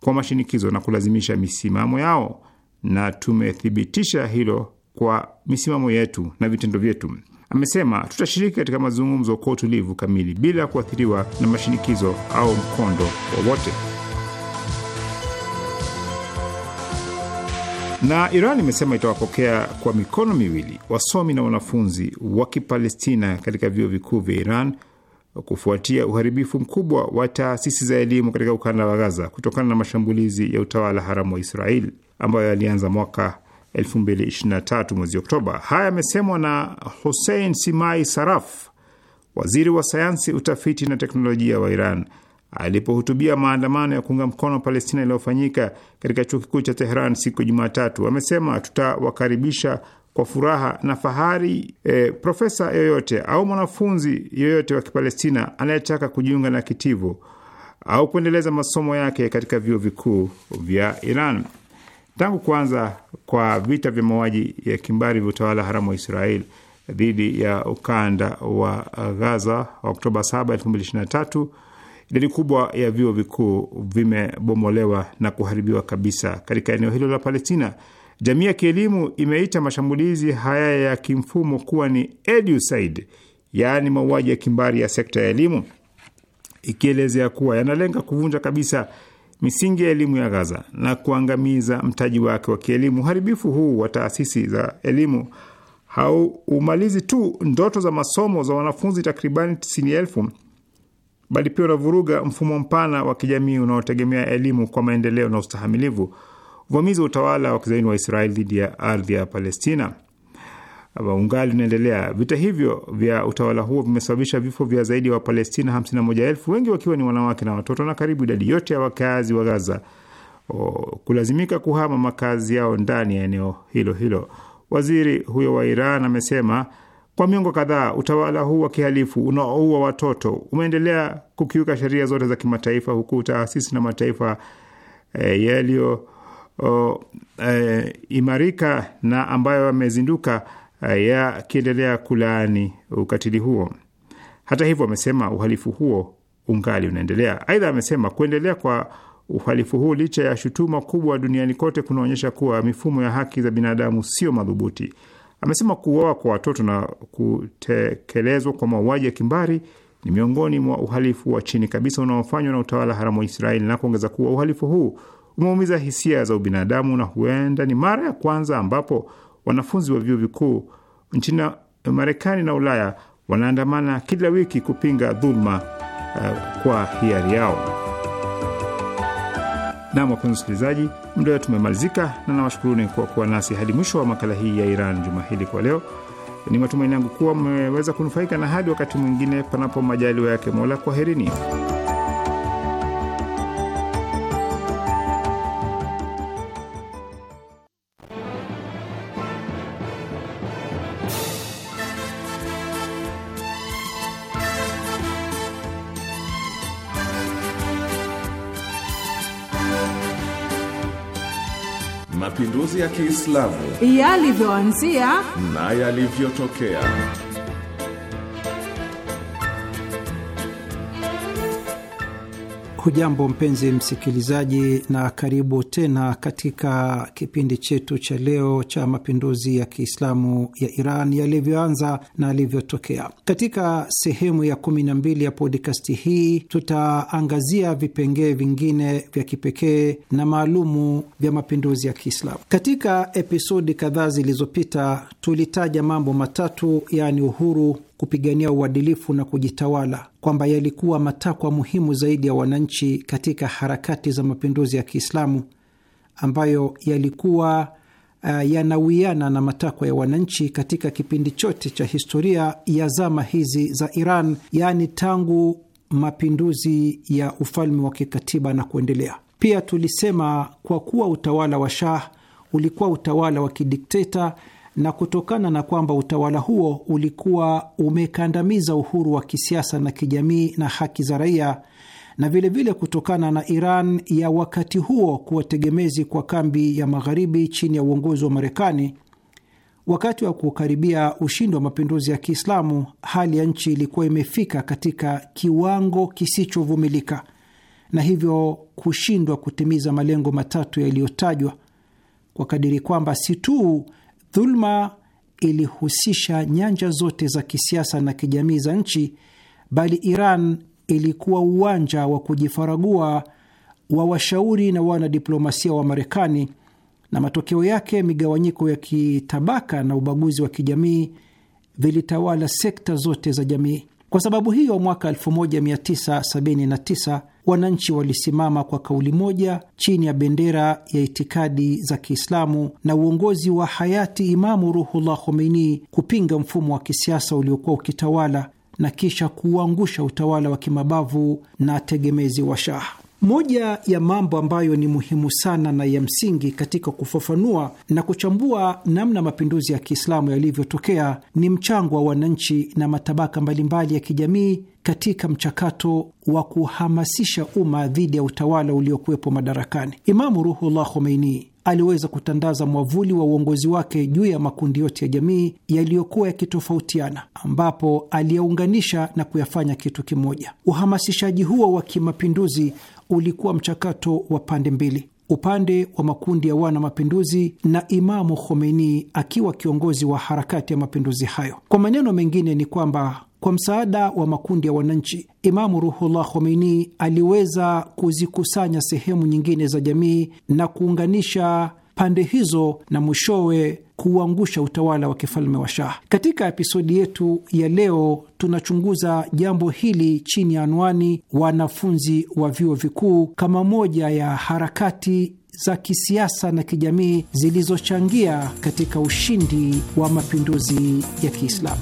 kwa mashinikizo na kulazimisha misimamo yao na tumethibitisha hilo kwa misimamo yetu na vitendo vyetu. Amesema tutashiriki katika mazungumzo kwa utulivu kamili bila kuathiriwa na mashinikizo au mkondo wowote. Na Iran imesema itawapokea kwa mikono miwili wasomi na wanafunzi wa Kipalestina katika vyuo vikuu vya Iran kufuatia uharibifu mkubwa wa taasisi za elimu katika ukanda wa Gaza kutokana na mashambulizi ya utawala haramu wa Israel ambayo yalianza mwaka 2023 mwezi Oktoba. Haya yamesemwa na Hussein Simai Saraf, waziri wa sayansi, utafiti na teknolojia wa Iran alipohutubia maandamano ya kuunga mkono Palestina yaliyofanyika katika chuo kikuu cha teheran siku ya Jumatatu. Amesema tutawakaribisha kwa furaha na fahari e, profesa yoyote au mwanafunzi yoyote wa Kipalestina anayetaka kujiunga na kitivo au kuendeleza masomo yake katika vyuo vikuu vya Iran. Tangu kuanza kwa vita vya mauaji ya kimbari vya utawala haramu wa Israel dhidi ya ukanda wa Gaza Oktoba 7, 2023 idadi kubwa ya vyuo vikuu vimebomolewa na kuharibiwa kabisa katika eneo hilo la Palestina. Jamii ya kielimu imeita mashambulizi haya ya kimfumo kuwa ni educide, yaani mauaji ya kimbari ya sekta ya elimu, ikielezea kuwa yanalenga kuvunja kabisa misingi ya elimu ya Gaza na kuangamiza mtaji wake wa kielimu. Uharibifu huu wa taasisi za elimu hauumalizi tu ndoto za masomo za wanafunzi takribani tisini elfu bali pia unavuruga mfumo mpana wa kijamii unaotegemea elimu kwa maendeleo na ustahamilivu. Uvamizi wa utawala wa kizaini wa Israeli dhidi ya ardhi ya Palestina aba ungali unaendelea. Vita hivyo vya utawala huo vimesababisha vifo vya zaidi ya wa Wapalestina 51,000 wengi wakiwa ni wanawake na watoto, na karibu idadi yote ya wakazi wa Gaza o, kulazimika kuhama makazi yao ndani ya eneo hilo hilo. Waziri huyo wa Iran amesema kwa miongo kadhaa utawala huu wa kihalifu unaoua watoto umeendelea kukiuka sheria zote za kimataifa, huku taasisi na mataifa e, yaliyo o, e, imarika na ambayo yamezinduka e, yakiendelea kulaani ukatili huo. Hata hivyo, amesema uhalifu huo ungali unaendelea. Aidha, amesema kuendelea kwa uhalifu huu licha ya shutuma kubwa duniani kote kunaonyesha kuwa mifumo ya haki za binadamu sio madhubuti. Amesema kuuawa kwa watoto na kutekelezwa kwa mauaji ya kimbari ni miongoni mwa uhalifu wa chini kabisa unaofanywa na utawala haramu wa Israeli na kuongeza kuwa uhalifu huu umeumiza hisia za ubinadamu na huenda ni mara ya kwanza ambapo wanafunzi wa vyuo vikuu nchini eh, Marekani na Ulaya wanaandamana kila wiki kupinga dhuluma uh, kwa hiari yao. Nam, wapenzi msikilizaji, muda wetu umemalizika na nawashukuruni kwa kuwa nasi hadi mwisho wa makala hii ya Iran juma hili kwa leo. Ni matumaini yangu kuwa mmeweza kunufaika, na hadi wakati mwingine, panapo majaliwa yake Mola, kwaherini. mapinduzi ya Kiislamu yalivyoanzia na yalivyotokea. Hujambo mpenzi msikilizaji, na karibu tena katika kipindi chetu cha leo cha mapinduzi ya Kiislamu ya Iran yalivyoanza na yalivyotokea. Katika sehemu ya kumi na mbili ya podkasti hii tutaangazia vipengee vingine vya kipekee na maalumu vya mapinduzi ya Kiislamu. Katika episodi kadhaa zilizopita tulitaja mambo matatu, yaani uhuru kupigania uadilifu na kujitawala, kwamba yalikuwa matakwa muhimu zaidi ya wananchi katika harakati za mapinduzi ya Kiislamu ambayo yalikuwa uh, yanawiana na matakwa ya wananchi katika kipindi chote cha historia ya zama hizi za Iran, yaani tangu mapinduzi ya ufalme wa kikatiba na kuendelea. Pia tulisema kwa kuwa utawala wa Shah ulikuwa utawala wa kidikteta na kutokana na kwamba utawala huo ulikuwa umekandamiza uhuru wa kisiasa na kijamii na haki za raia na vilevile vile kutokana na Iran ya wakati huo kuwa tegemezi kwa kambi ya magharibi chini ya uongozi wa Marekani. Wakati wa kukaribia ushindi wa mapinduzi ya Kiislamu, hali ya nchi ilikuwa imefika katika kiwango kisichovumilika na hivyo kushindwa kutimiza malengo matatu yaliyotajwa, kwa kadiri kwamba si tu Dhuluma ilihusisha nyanja zote za kisiasa na kijamii za nchi, bali Iran ilikuwa uwanja wa kujifaragua wa washauri na wanadiplomasia wa Marekani, na matokeo yake migawanyiko ya kitabaka na ubaguzi wa kijamii vilitawala sekta zote za jamii. Kwa sababu hiyo, mwaka 1979 wananchi walisimama kwa kauli moja chini ya bendera ya itikadi za Kiislamu na uongozi wa hayati Imamu Ruhullah Khomeini kupinga mfumo wa kisiasa uliokuwa ukitawala na kisha kuuangusha utawala wa kimabavu na tegemezi wa shaha. Moja ya mambo ambayo ni muhimu sana na ya msingi katika kufafanua na kuchambua namna mapinduzi ya Kiislamu yalivyotokea ni mchango wa wananchi na matabaka mbalimbali ya kijamii katika mchakato wa kuhamasisha umma dhidi ya utawala uliokuwepo madarakani. Imamu Ruhullah Khomeini aliweza kutandaza mwavuli wa uongozi wake juu ya makundi yote ya jamii yaliyokuwa yakitofautiana, ambapo aliyaunganisha na kuyafanya kitu kimoja. Uhamasishaji huo wa kimapinduzi ulikuwa mchakato wa pande mbili, upande wa makundi ya wana mapinduzi na Imamu Khomeini akiwa kiongozi wa harakati ya mapinduzi hayo. Kwa maneno mengine ni kwamba kwa msaada wa makundi ya wananchi, Imamu Ruhullah Khomeini aliweza kuzikusanya sehemu nyingine za jamii na kuunganisha pande hizo na mwishowe kuuangusha utawala wa kifalme wa Shah. Katika episodi yetu ya leo, tunachunguza jambo hili chini ya anwani wanafunzi wa vyuo vikuu kama moja ya harakati za kisiasa na kijamii zilizochangia katika ushindi wa mapinduzi ya Kiislamu.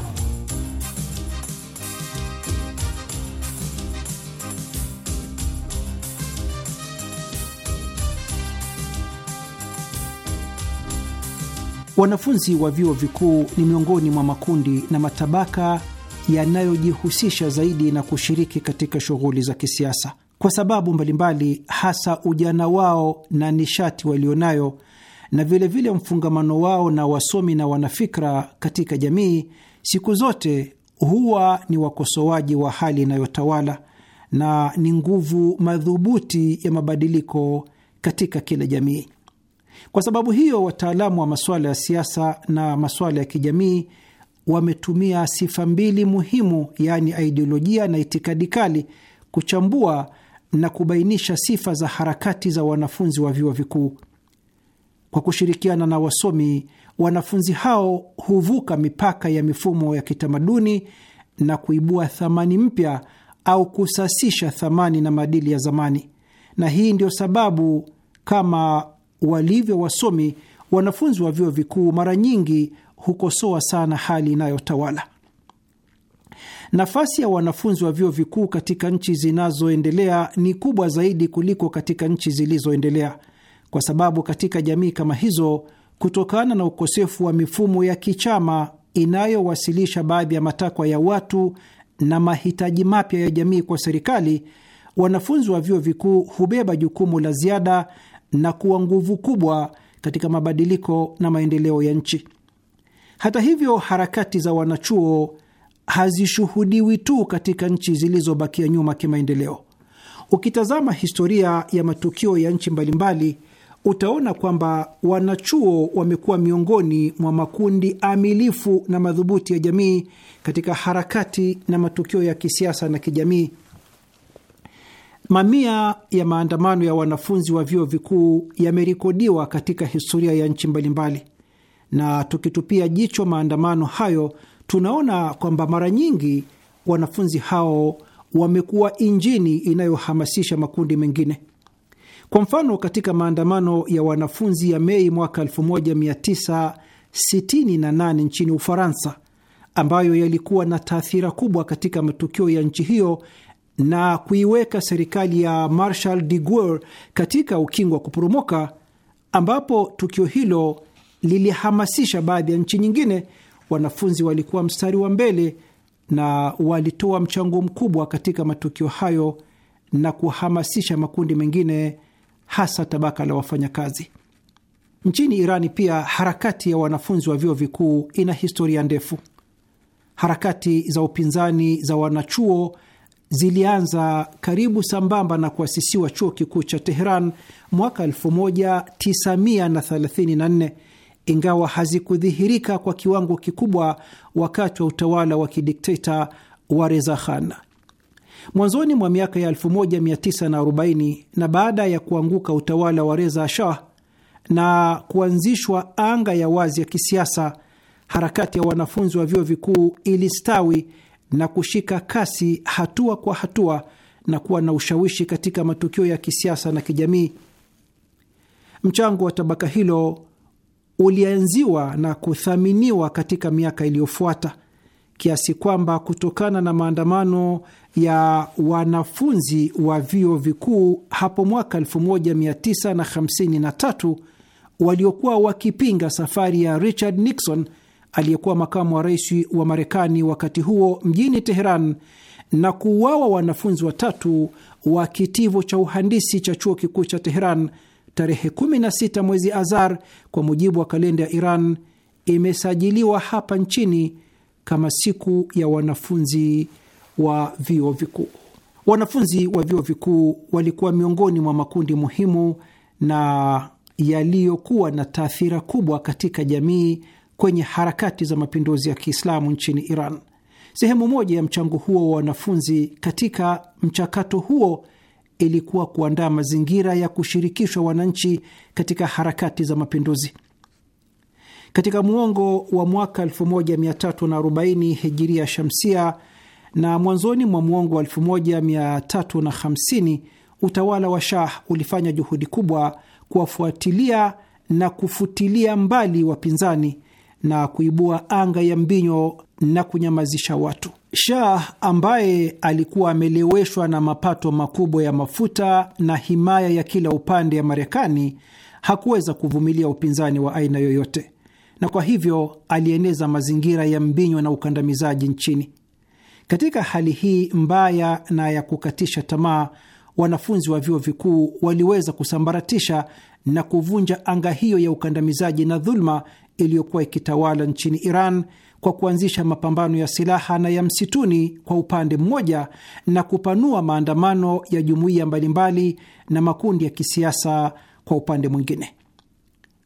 Wanafunzi wa vyuo vikuu ni miongoni mwa makundi na matabaka yanayojihusisha zaidi na kushiriki katika shughuli za kisiasa kwa sababu mbalimbali, hasa ujana wao na nishati walionayo na vilevile mfungamano wao na wasomi na wanafikra katika jamii, siku zote huwa ni wakosoaji wa hali inayotawala na ni nguvu madhubuti ya mabadiliko katika kila jamii. Kwa sababu hiyo, wataalamu wa masuala ya siasa na masuala ya kijamii wametumia sifa mbili muhimu, yaani aidiolojia na itikadi kali, kuchambua na kubainisha sifa za harakati za wanafunzi wa vyuo vikuu. Kwa kushirikiana na wasomi, wanafunzi hao huvuka mipaka ya mifumo ya kitamaduni na kuibua thamani mpya au kusasisha thamani na maadili ya zamani, na hii ndio sababu kama walivyo wasomi, wanafunzi wa vyuo vikuu mara nyingi hukosoa sana hali inayotawala. Nafasi ya wanafunzi wa vyuo vikuu katika nchi zinazoendelea ni kubwa zaidi kuliko katika nchi zilizoendelea, kwa sababu katika jamii kama hizo, kutokana na ukosefu wa mifumo ya kichama inayowasilisha baadhi ya matakwa ya watu na mahitaji mapya ya jamii kwa serikali, wanafunzi wa vyuo vikuu hubeba jukumu la ziada na kuwa nguvu kubwa katika mabadiliko na maendeleo ya nchi. Hata hivyo, harakati za wanachuo hazishuhudiwi tu katika nchi zilizobakia nyuma kimaendeleo. Ukitazama historia ya matukio ya nchi mbalimbali, utaona kwamba wanachuo wamekuwa miongoni mwa makundi amilifu na madhubuti ya jamii katika harakati na matukio ya kisiasa na kijamii. Mamia ya maandamano ya wanafunzi wa vyuo vikuu yamerekodiwa katika historia ya nchi mbalimbali, na tukitupia jicho maandamano hayo tunaona kwamba mara nyingi wanafunzi hao wamekuwa injini inayohamasisha makundi mengine. Kwa mfano, katika maandamano ya wanafunzi ya Mei mwaka 1968 nchini Ufaransa, ambayo yalikuwa na taathira kubwa katika matukio ya nchi hiyo na kuiweka serikali ya Marshal de Gaulle katika ukingo wa kuporomoka, ambapo tukio hilo lilihamasisha baadhi ya nchi nyingine. Wanafunzi walikuwa mstari wa mbele na walitoa mchango mkubwa katika matukio hayo na kuhamasisha makundi mengine, hasa tabaka la wafanyakazi. Nchini Irani pia harakati ya wanafunzi wa vyuo vikuu ina historia ndefu. Harakati za upinzani za wanachuo zilianza karibu sambamba na kuasisiwa chuo kikuu cha Teheran mwaka 1934 ingawa hazikudhihirika kwa kiwango kikubwa wakati wa utawala wa kidikteta wa Reza Khan. Mwanzoni mwa miaka ya 1940 na baada ya kuanguka utawala wa Reza Shah na kuanzishwa anga ya wazi ya kisiasa, harakati ya wanafunzi wa vyuo vikuu ilistawi na kushika kasi hatua kwa hatua na kuwa na ushawishi katika matukio ya kisiasa na kijamii. Mchango wa tabaka hilo ulianziwa na kuthaminiwa katika miaka iliyofuata kiasi kwamba kutokana na maandamano ya wanafunzi wa vyuo vikuu hapo mwaka 1953 waliokuwa wakipinga safari ya Richard Nixon aliyekuwa makamu wa rais wa Marekani wakati huo mjini Teheran na kuuawa wanafunzi watatu wa kitivo cha uhandisi cha chuo kikuu cha Teheran tarehe 16 mwezi Azar kwa mujibu wa kalenda ya Iran imesajiliwa hapa nchini kama siku ya wanafunzi wa vyuo vikuu. Wanafunzi wa vyuo vikuu walikuwa miongoni mwa makundi muhimu na yaliyokuwa na taathira kubwa katika jamii kwenye harakati za mapinduzi ya Kiislamu nchini Iran. Sehemu moja ya mchango huo wa wanafunzi katika mchakato huo ilikuwa kuandaa mazingira ya kushirikishwa wananchi katika harakati za mapinduzi. Katika muongo wa mwaka 1340 hijiria shamsia na mwanzoni mwa muongo wa 1350 utawala wa Shah ulifanya juhudi kubwa kuwafuatilia na kufutilia mbali wapinzani na kuibua anga ya mbinyo na kunyamazisha watu. Shah ambaye alikuwa ameleweshwa na mapato makubwa ya mafuta na himaya ya kila upande ya Marekani hakuweza kuvumilia upinzani wa aina yoyote, na kwa hivyo alieneza mazingira ya mbinywa na ukandamizaji nchini. Katika hali hii mbaya na ya kukatisha tamaa, wanafunzi wa vyuo vikuu waliweza kusambaratisha na kuvunja anga hiyo ya ukandamizaji na dhuluma iliyokuwa ikitawala nchini Iran kwa kuanzisha mapambano ya silaha na ya msituni kwa upande mmoja na kupanua maandamano ya jumuiya mbalimbali na makundi ya kisiasa kwa upande mwingine.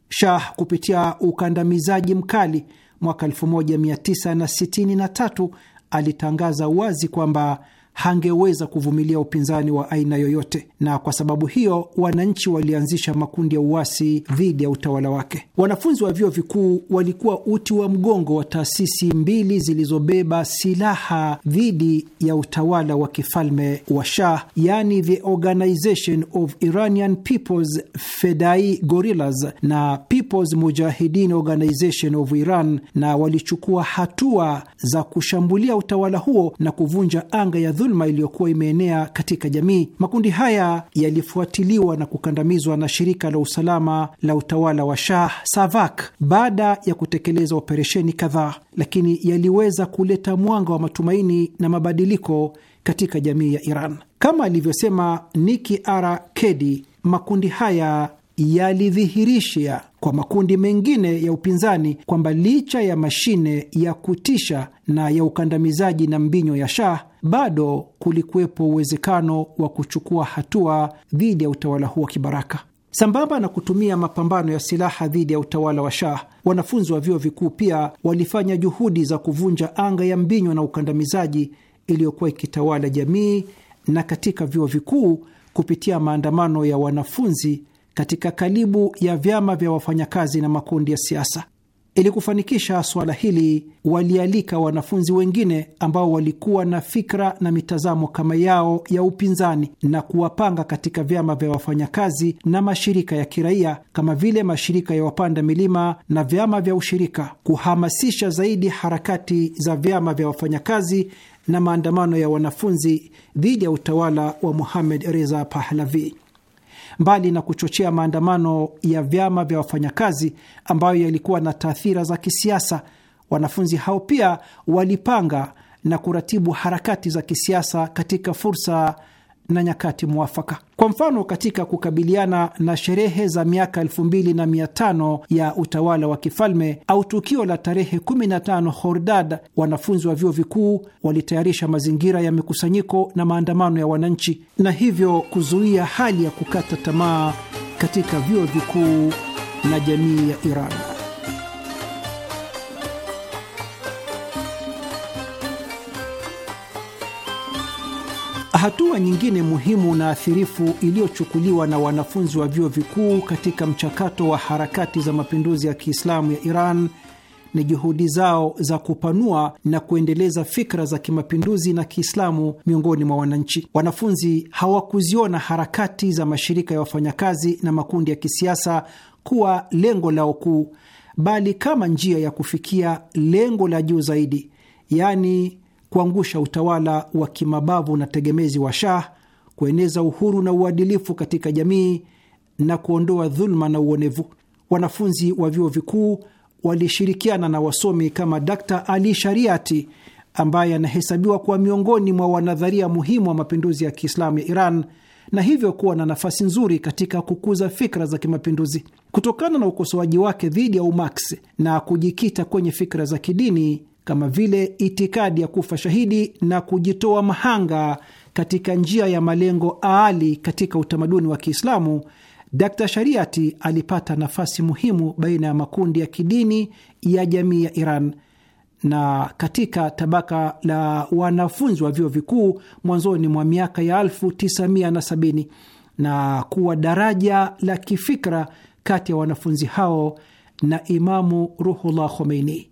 Shah kupitia ukandamizaji mkali mwaka 1963 alitangaza wazi kwamba hangeweza kuvumilia upinzani wa aina yoyote, na kwa sababu hiyo wananchi walianzisha makundi ya uasi dhidi ya utawala wake. Wanafunzi wa vyuo vikuu walikuwa uti wa mgongo wa taasisi mbili zilizobeba silaha dhidi ya utawala wa kifalme wa Shah, yani The Organization of Iranian People's Fedai Gorillas na People's Mujahidin Organization of Iran, na walichukua hatua za kushambulia utawala huo na kuvunja anga ya dhuluma iliyokuwa imeenea katika jamii. Makundi haya yalifuatiliwa na kukandamizwa na shirika la usalama la utawala wa Shah SAVAK baada ya kutekeleza operesheni kadhaa, lakini yaliweza kuleta mwanga wa matumaini na mabadiliko katika jamii ya Iran. Kama alivyosema Niki Ara Kedi, makundi haya yalidhihirisha kwa makundi mengine ya upinzani kwamba licha ya mashine ya kutisha na ya ukandamizaji na mbinyo ya Shah, bado kulikuwepo uwezekano wa kuchukua hatua dhidi ya utawala huo kibaraka. Sambamba na kutumia mapambano ya silaha dhidi ya utawala wa Shah, wanafunzi wa vyuo vikuu pia walifanya juhudi za kuvunja anga ya mbinywa na ukandamizaji iliyokuwa ikitawala jamii na katika vyuo vikuu kupitia maandamano ya wanafunzi katika kalibu ya vyama vya wafanyakazi na makundi ya siasa. Ili kufanikisha suala hili, walialika wanafunzi wengine ambao walikuwa na fikra na mitazamo kama yao ya upinzani na kuwapanga katika vyama vya wafanyakazi na mashirika ya kiraia kama vile mashirika ya wapanda milima na vyama vya ushirika, kuhamasisha zaidi harakati za vyama vya wafanyakazi na maandamano ya wanafunzi dhidi ya utawala wa muhamed Reza Pahlavi mbali na kuchochea maandamano ya vyama vya wafanyakazi ambayo yalikuwa na taathira za kisiasa, wanafunzi hao pia walipanga na kuratibu harakati za kisiasa katika fursa na nyakati mwafaka. Kwa mfano, katika kukabiliana na sherehe za miaka elfu mbili na mia tano ya utawala wa kifalme au tukio la tarehe 15 Hordad, wanafunzi wa vyuo vikuu walitayarisha mazingira ya mikusanyiko na maandamano ya wananchi, na hivyo kuzuia hali ya kukata tamaa katika vyuo vikuu na jamii ya Iran. Hatua nyingine muhimu na athirifu iliyochukuliwa na wanafunzi wa vyuo vikuu katika mchakato wa harakati za mapinduzi ya Kiislamu ya Iran ni juhudi zao za kupanua na kuendeleza fikra za kimapinduzi na Kiislamu miongoni mwa wananchi. Wanafunzi hawakuziona harakati za mashirika ya wafanyakazi na makundi ya kisiasa kuwa lengo lao kuu, bali kama njia ya kufikia lengo la juu zaidi, yaani kuangusha utawala wa kimabavu na tegemezi wa Shah, kueneza uhuru na uadilifu katika jamii na kuondoa dhuluma na uonevu. Wanafunzi wa vyuo vikuu walishirikiana na wasomi kama Dr. Ali Shariati ambaye anahesabiwa kuwa miongoni mwa wanadharia muhimu wa mapinduzi ya Kiislamu ya Iran na hivyo kuwa na nafasi nzuri katika kukuza fikra za kimapinduzi. Kutokana na ukosoaji wake dhidi ya umaksi na kujikita kwenye fikra za kidini, kama vile itikadi ya kufa shahidi na kujitoa mahanga katika njia ya malengo aali katika utamaduni wa Kiislamu, Dr Shariati alipata nafasi muhimu baina ya makundi ya kidini ya jamii ya Iran na katika tabaka la wanafunzi wa vyuo vikuu mwanzoni mwa miaka ya 1970 na kuwa daraja la kifikra kati ya wanafunzi hao na Imamu Ruhullah Khomeini.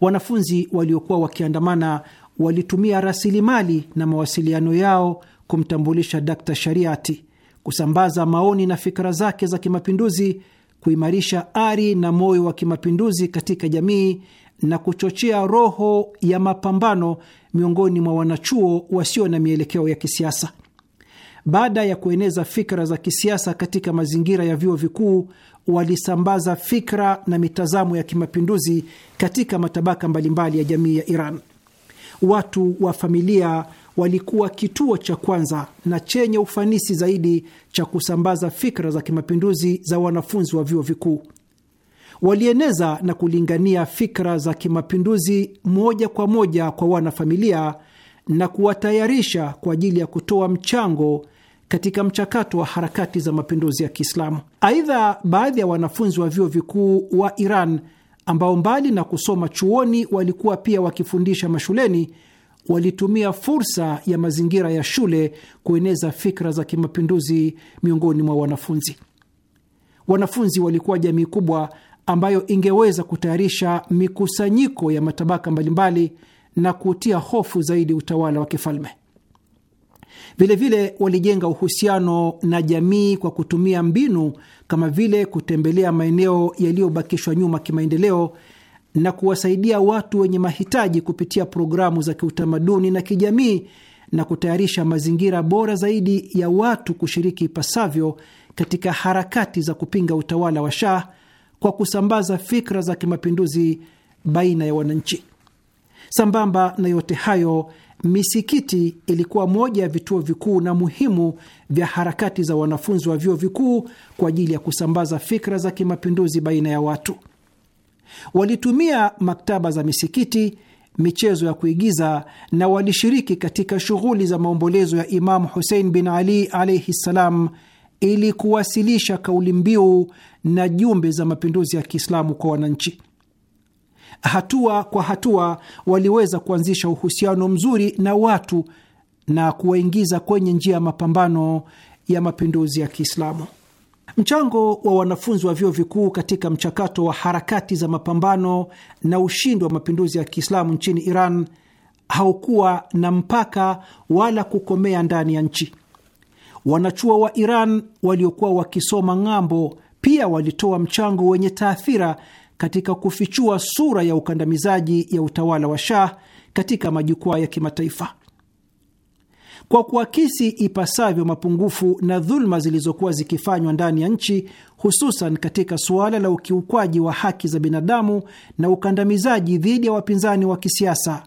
Wanafunzi waliokuwa wakiandamana walitumia rasilimali na mawasiliano yao kumtambulisha d Shariati, kusambaza maoni na fikra zake za kimapinduzi, kuimarisha ari na moyo wa kimapinduzi katika jamii na kuchochea roho ya mapambano miongoni mwa wanachuo wasio na mielekeo ya kisiasa. Baada ya kueneza fikra za kisiasa katika mazingira ya vyuo vikuu, walisambaza fikra na mitazamo ya kimapinduzi katika matabaka mbalimbali ya jamii ya Iran. Watu wa familia walikuwa kituo cha kwanza na chenye ufanisi zaidi cha kusambaza fikra za kimapinduzi za wanafunzi wa vyuo vikuu. Walieneza na kulingania fikra za kimapinduzi moja kwa moja kwa wanafamilia na kuwatayarisha kwa ajili ya kutoa mchango katika mchakato wa harakati za mapinduzi ya Kiislamu. Aidha, baadhi ya wanafunzi wa vyuo vikuu wa Iran ambao mbali na kusoma chuoni walikuwa pia wakifundisha mashuleni walitumia fursa ya mazingira ya shule kueneza fikra za kimapinduzi miongoni mwa wanafunzi. Wanafunzi walikuwa jamii kubwa ambayo ingeweza kutayarisha mikusanyiko ya matabaka mbalimbali na kutia hofu zaidi utawala wa kifalme. Vilevile walijenga uhusiano na jamii kwa kutumia mbinu kama vile kutembelea maeneo yaliyobakishwa nyuma kimaendeleo na kuwasaidia watu wenye mahitaji kupitia programu za kiutamaduni na kijamii na kutayarisha mazingira bora zaidi ya watu kushiriki ipasavyo katika harakati za kupinga utawala wa Shah kwa kusambaza fikra za kimapinduzi baina ya wananchi. Sambamba na yote hayo, Misikiti ilikuwa moja ya vituo vikuu na muhimu vya harakati za wanafunzi wa vyuo vikuu kwa ajili ya kusambaza fikra za kimapinduzi baina ya watu. Walitumia maktaba za misikiti, michezo ya kuigiza na walishiriki katika shughuli za maombolezo ya Imamu Husein bin Ali alaihi ssalam, ili kuwasilisha kauli mbiu na jumbe za mapinduzi ya Kiislamu kwa wananchi. Hatua kwa hatua, waliweza kuanzisha uhusiano mzuri na watu na kuwaingiza kwenye njia ya mapambano ya mapinduzi ya Kiislamu. Mchango wa wanafunzi wa vyuo vikuu katika mchakato wa harakati za mapambano na ushindi wa mapinduzi ya Kiislamu nchini Iran haukuwa na mpaka wala kukomea ndani ya nchi. Wanachuo wa Iran waliokuwa wakisoma ng'ambo pia walitoa mchango wenye taathira katika kufichua sura ya ukandamizaji ya utawala wa Shah katika majukwaa ya kimataifa kwa kuakisi ipasavyo mapungufu na dhuluma zilizokuwa zikifanywa ndani ya nchi, hususan katika suala la ukiukwaji wa haki za binadamu na ukandamizaji dhidi ya wapinzani wa kisiasa.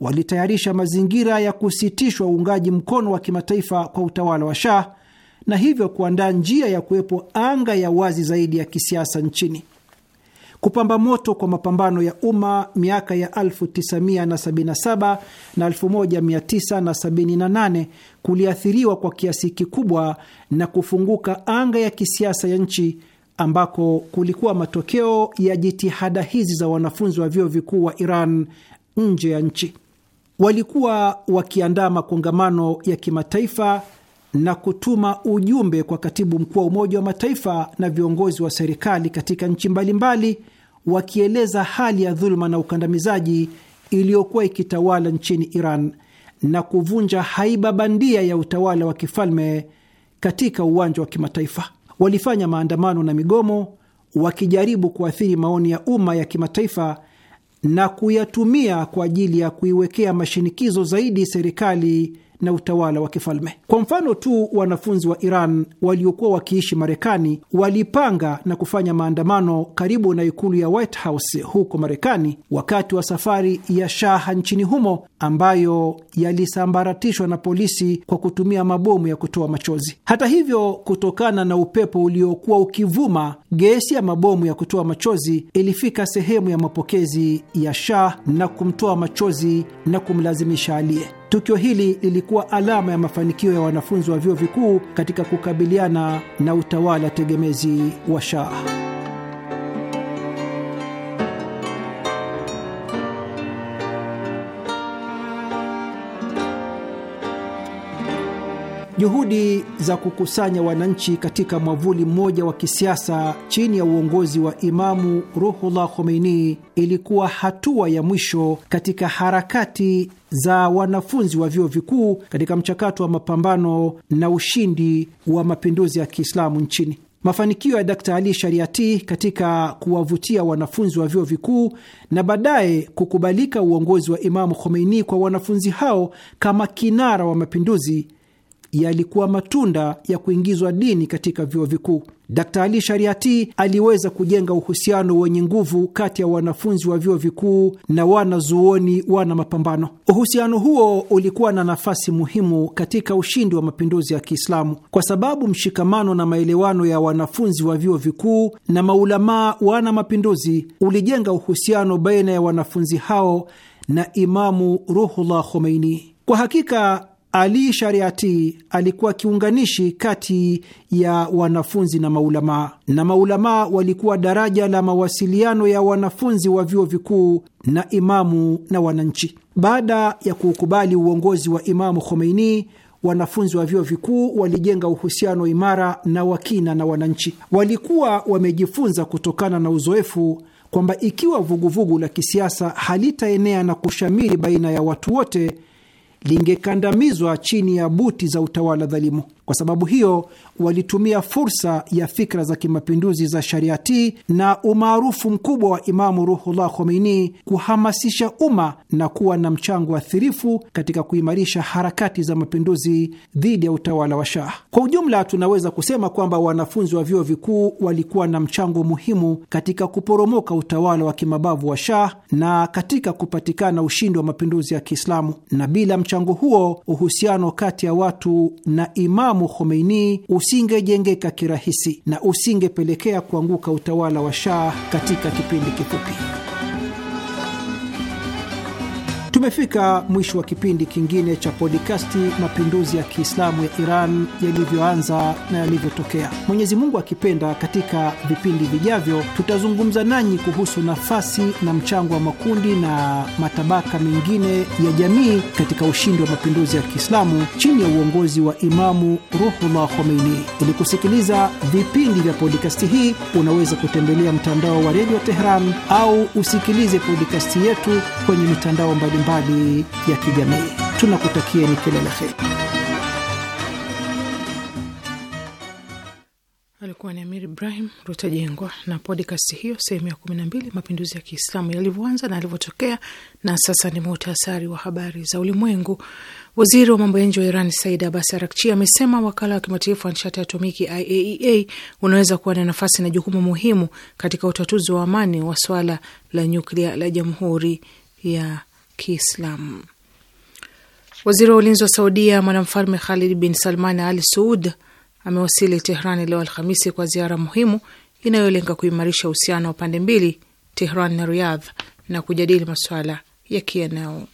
Walitayarisha mazingira ya kusitishwa uungaji mkono wa kimataifa kwa utawala wa Shah na hivyo kuandaa njia ya kuwepo anga ya wazi zaidi ya kisiasa nchini kupamba moto kwa mapambano ya umma miaka ya 1977 na 1978 kuliathiriwa kwa kiasi kikubwa na kufunguka anga ya kisiasa ya nchi ambako kulikuwa matokeo ya jitihada hizi za wanafunzi wa vyuo vikuu wa Iran nje ya nchi. Walikuwa wakiandaa makongamano ya kimataifa na kutuma ujumbe kwa katibu mkuu wa Umoja wa Mataifa na viongozi wa serikali katika nchi mbalimbali wakieleza hali ya dhuluma na ukandamizaji iliyokuwa ikitawala nchini Iran na kuvunja haiba bandia ya utawala wa kifalme katika uwanja wa kimataifa. Walifanya maandamano na migomo wakijaribu kuathiri maoni ya umma ya kimataifa na kuyatumia kwa ajili ya kuiwekea mashinikizo zaidi serikali na utawala wa kifalme. Kwa mfano tu, wanafunzi wa Iran waliokuwa wakiishi Marekani walipanga na kufanya maandamano karibu na ikulu ya White House huko Marekani wakati wa safari ya shaha nchini humo, ambayo yalisambaratishwa na polisi kwa kutumia mabomu ya kutoa machozi. Hata hivyo, kutokana na upepo uliokuwa ukivuma, gesi ya mabomu ya kutoa machozi ilifika sehemu ya mapokezi ya shah na kumtoa machozi na kumlazimisha aliye Tukio hili lilikuwa alama ya mafanikio ya wanafunzi wa vyuo vikuu katika kukabiliana na utawala tegemezi wa Shah. Juhudi za kukusanya wananchi katika mwavuli mmoja wa kisiasa chini ya uongozi wa Imamu Ruhullah Khomeini ilikuwa hatua ya mwisho katika harakati za wanafunzi wa vyuo vikuu katika mchakato wa mapambano na ushindi wa mapinduzi ya Kiislamu nchini. Mafanikio ya Dkt. Ali Shariati katika kuwavutia wanafunzi wa vyuo vikuu na baadaye kukubalika uongozi wa Imamu Khomeini kwa wanafunzi hao kama kinara wa mapinduzi yalikuwa matunda ya kuingizwa dini katika vyuo vikuu. d Ali Shariati aliweza kujenga uhusiano wenye nguvu kati ya wanafunzi wa vyuo vikuu na wanazuoni wana mapambano. Uhusiano huo ulikuwa na nafasi muhimu katika ushindi wa mapinduzi ya Kiislamu kwa sababu mshikamano na maelewano ya wanafunzi wa vyuo vikuu na maulamaa wana mapinduzi ulijenga uhusiano baina ya wanafunzi hao na Imamu Ruhullah Khomeini. Kwa hakika ali Shariati alikuwa kiunganishi kati ya wanafunzi na maulamaa, na maulamaa walikuwa daraja la mawasiliano ya wanafunzi wa vyuo vikuu na imamu na wananchi. Baada ya kuukubali uongozi wa Imamu Khomeini, wanafunzi wa vyuo vikuu walijenga uhusiano imara na wakina na wananchi. Walikuwa wamejifunza kutokana na uzoefu kwamba ikiwa vuguvugu la kisiasa halitaenea na kushamiri baina ya watu wote lingekandamizwa chini ya buti za utawala dhalimu. Kwa sababu hiyo, walitumia fursa ya fikra za kimapinduzi za Shariati na umaarufu mkubwa wa Imamu Ruhullah Khomeini kuhamasisha umma na kuwa na mchango athirifu katika kuimarisha harakati za mapinduzi dhidi ya utawala wa Shah. Kwa ujumla, tunaweza kusema kwamba wanafunzi wa vyuo vikuu walikuwa na mchango muhimu katika kuporomoka utawala wa kimabavu wa Shah na katika kupatikana ushindi wa mapinduzi ya Kiislamu, na bila mchango huo uhusiano kati ya watu na imamu Imamu Khomeini usingejengeka kirahisi na usingepelekea kuanguka utawala wa Shah katika kipindi kifupi. Tumefika mwisho wa kipindi kingine cha podikasti mapinduzi ya Kiislamu ya Iran yalivyoanza na yalivyotokea. Mwenyezi Mungu akipenda, katika vipindi vijavyo tutazungumza nanyi kuhusu nafasi na mchango wa makundi na matabaka mengine ya jamii katika ushindi wa mapinduzi ya Kiislamu chini ya uongozi wa Imamu Ruhullah Khomeini. Ili kusikiliza vipindi vya podikasti hii unaweza kutembelea mtandao wa redio Teheran au usikilize podikasti yetu kwenye mitandao mbalimbali mbalimbali mbali ya kijamii. Tunakutakia ni kila la heri. Alikuwa ni Amir Ibrahim Rutajengwa na podcast hiyo, sehemu ya kumi na mbili, mapinduzi ya Kiislamu yalivyoanza na yalivyotokea. Na sasa ni muhtasari wa habari za ulimwengu. Waziri wa mambo ya nje wa Iran Said Abbas Arakchi amesema wakala wa kimataifa wa nishati atomiki IAEA e unaweza kuwa na nafasi na jukumu muhimu katika utatuzi wa amani wa swala la nyuklia la jamhuri ya Kiislamu. Waziri wa ulinzi wa Saudia mwanamfalme Khalid bin Salman Al Saud amewasili Tehrani leo Alhamisi kwa ziara muhimu inayolenga kuimarisha uhusiano wa pande mbili, Tehran na Riyadh, na kujadili masuala ya kieneo.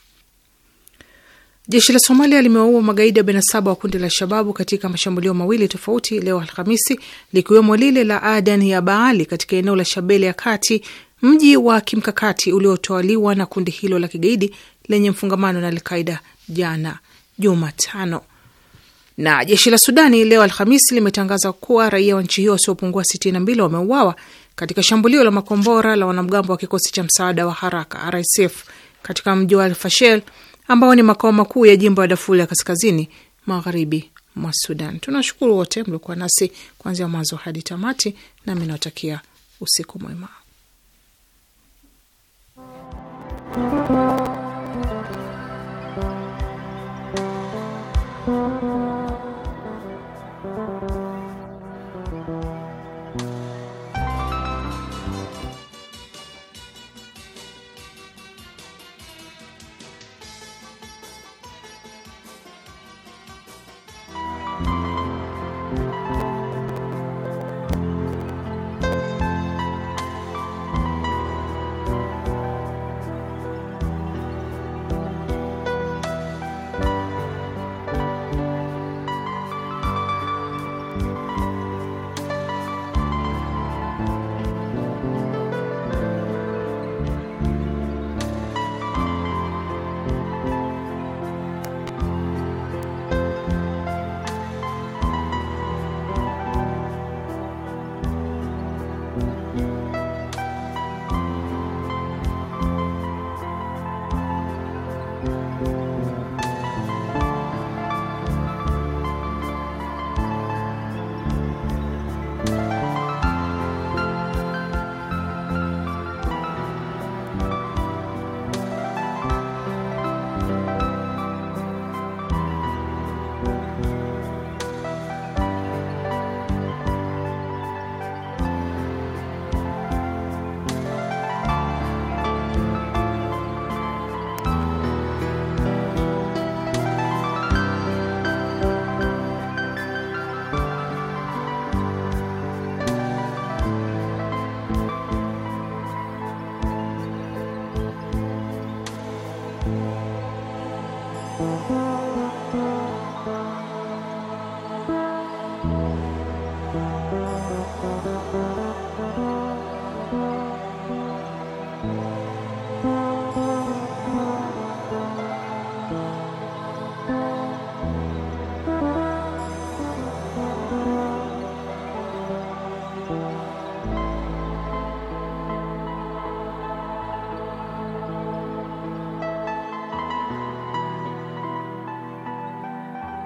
Jeshi la Somalia limewaua magaidi 47 wa kundi la Shababu katika mashambulio mawili tofauti leo Alhamisi, likiwemo lile la Adan ya Baali katika eneo la Shabele ya kati mji wa kimkakati uliotwaliwa na kundi hilo la kigaidi lenye mfungamano na Alqaida jana Jumatano. Na jeshi la Sudani leo Alhamisi limetangaza kuwa raia wa nchi hiyo wasiopungua 62 wameuawa katika shambulio la makombora la wanamgambo wa kikosi cha msaada wa haraka RSF katika mji wa Alfashel ambao ni makao makuu ya jimbo la Darfur ya kaskazini magharibi mwa Sudan. Tunashukuru wote mliokuwa nasi kuanzia mwanzo hadi tamati, nami nawatakia usiku mwema. Música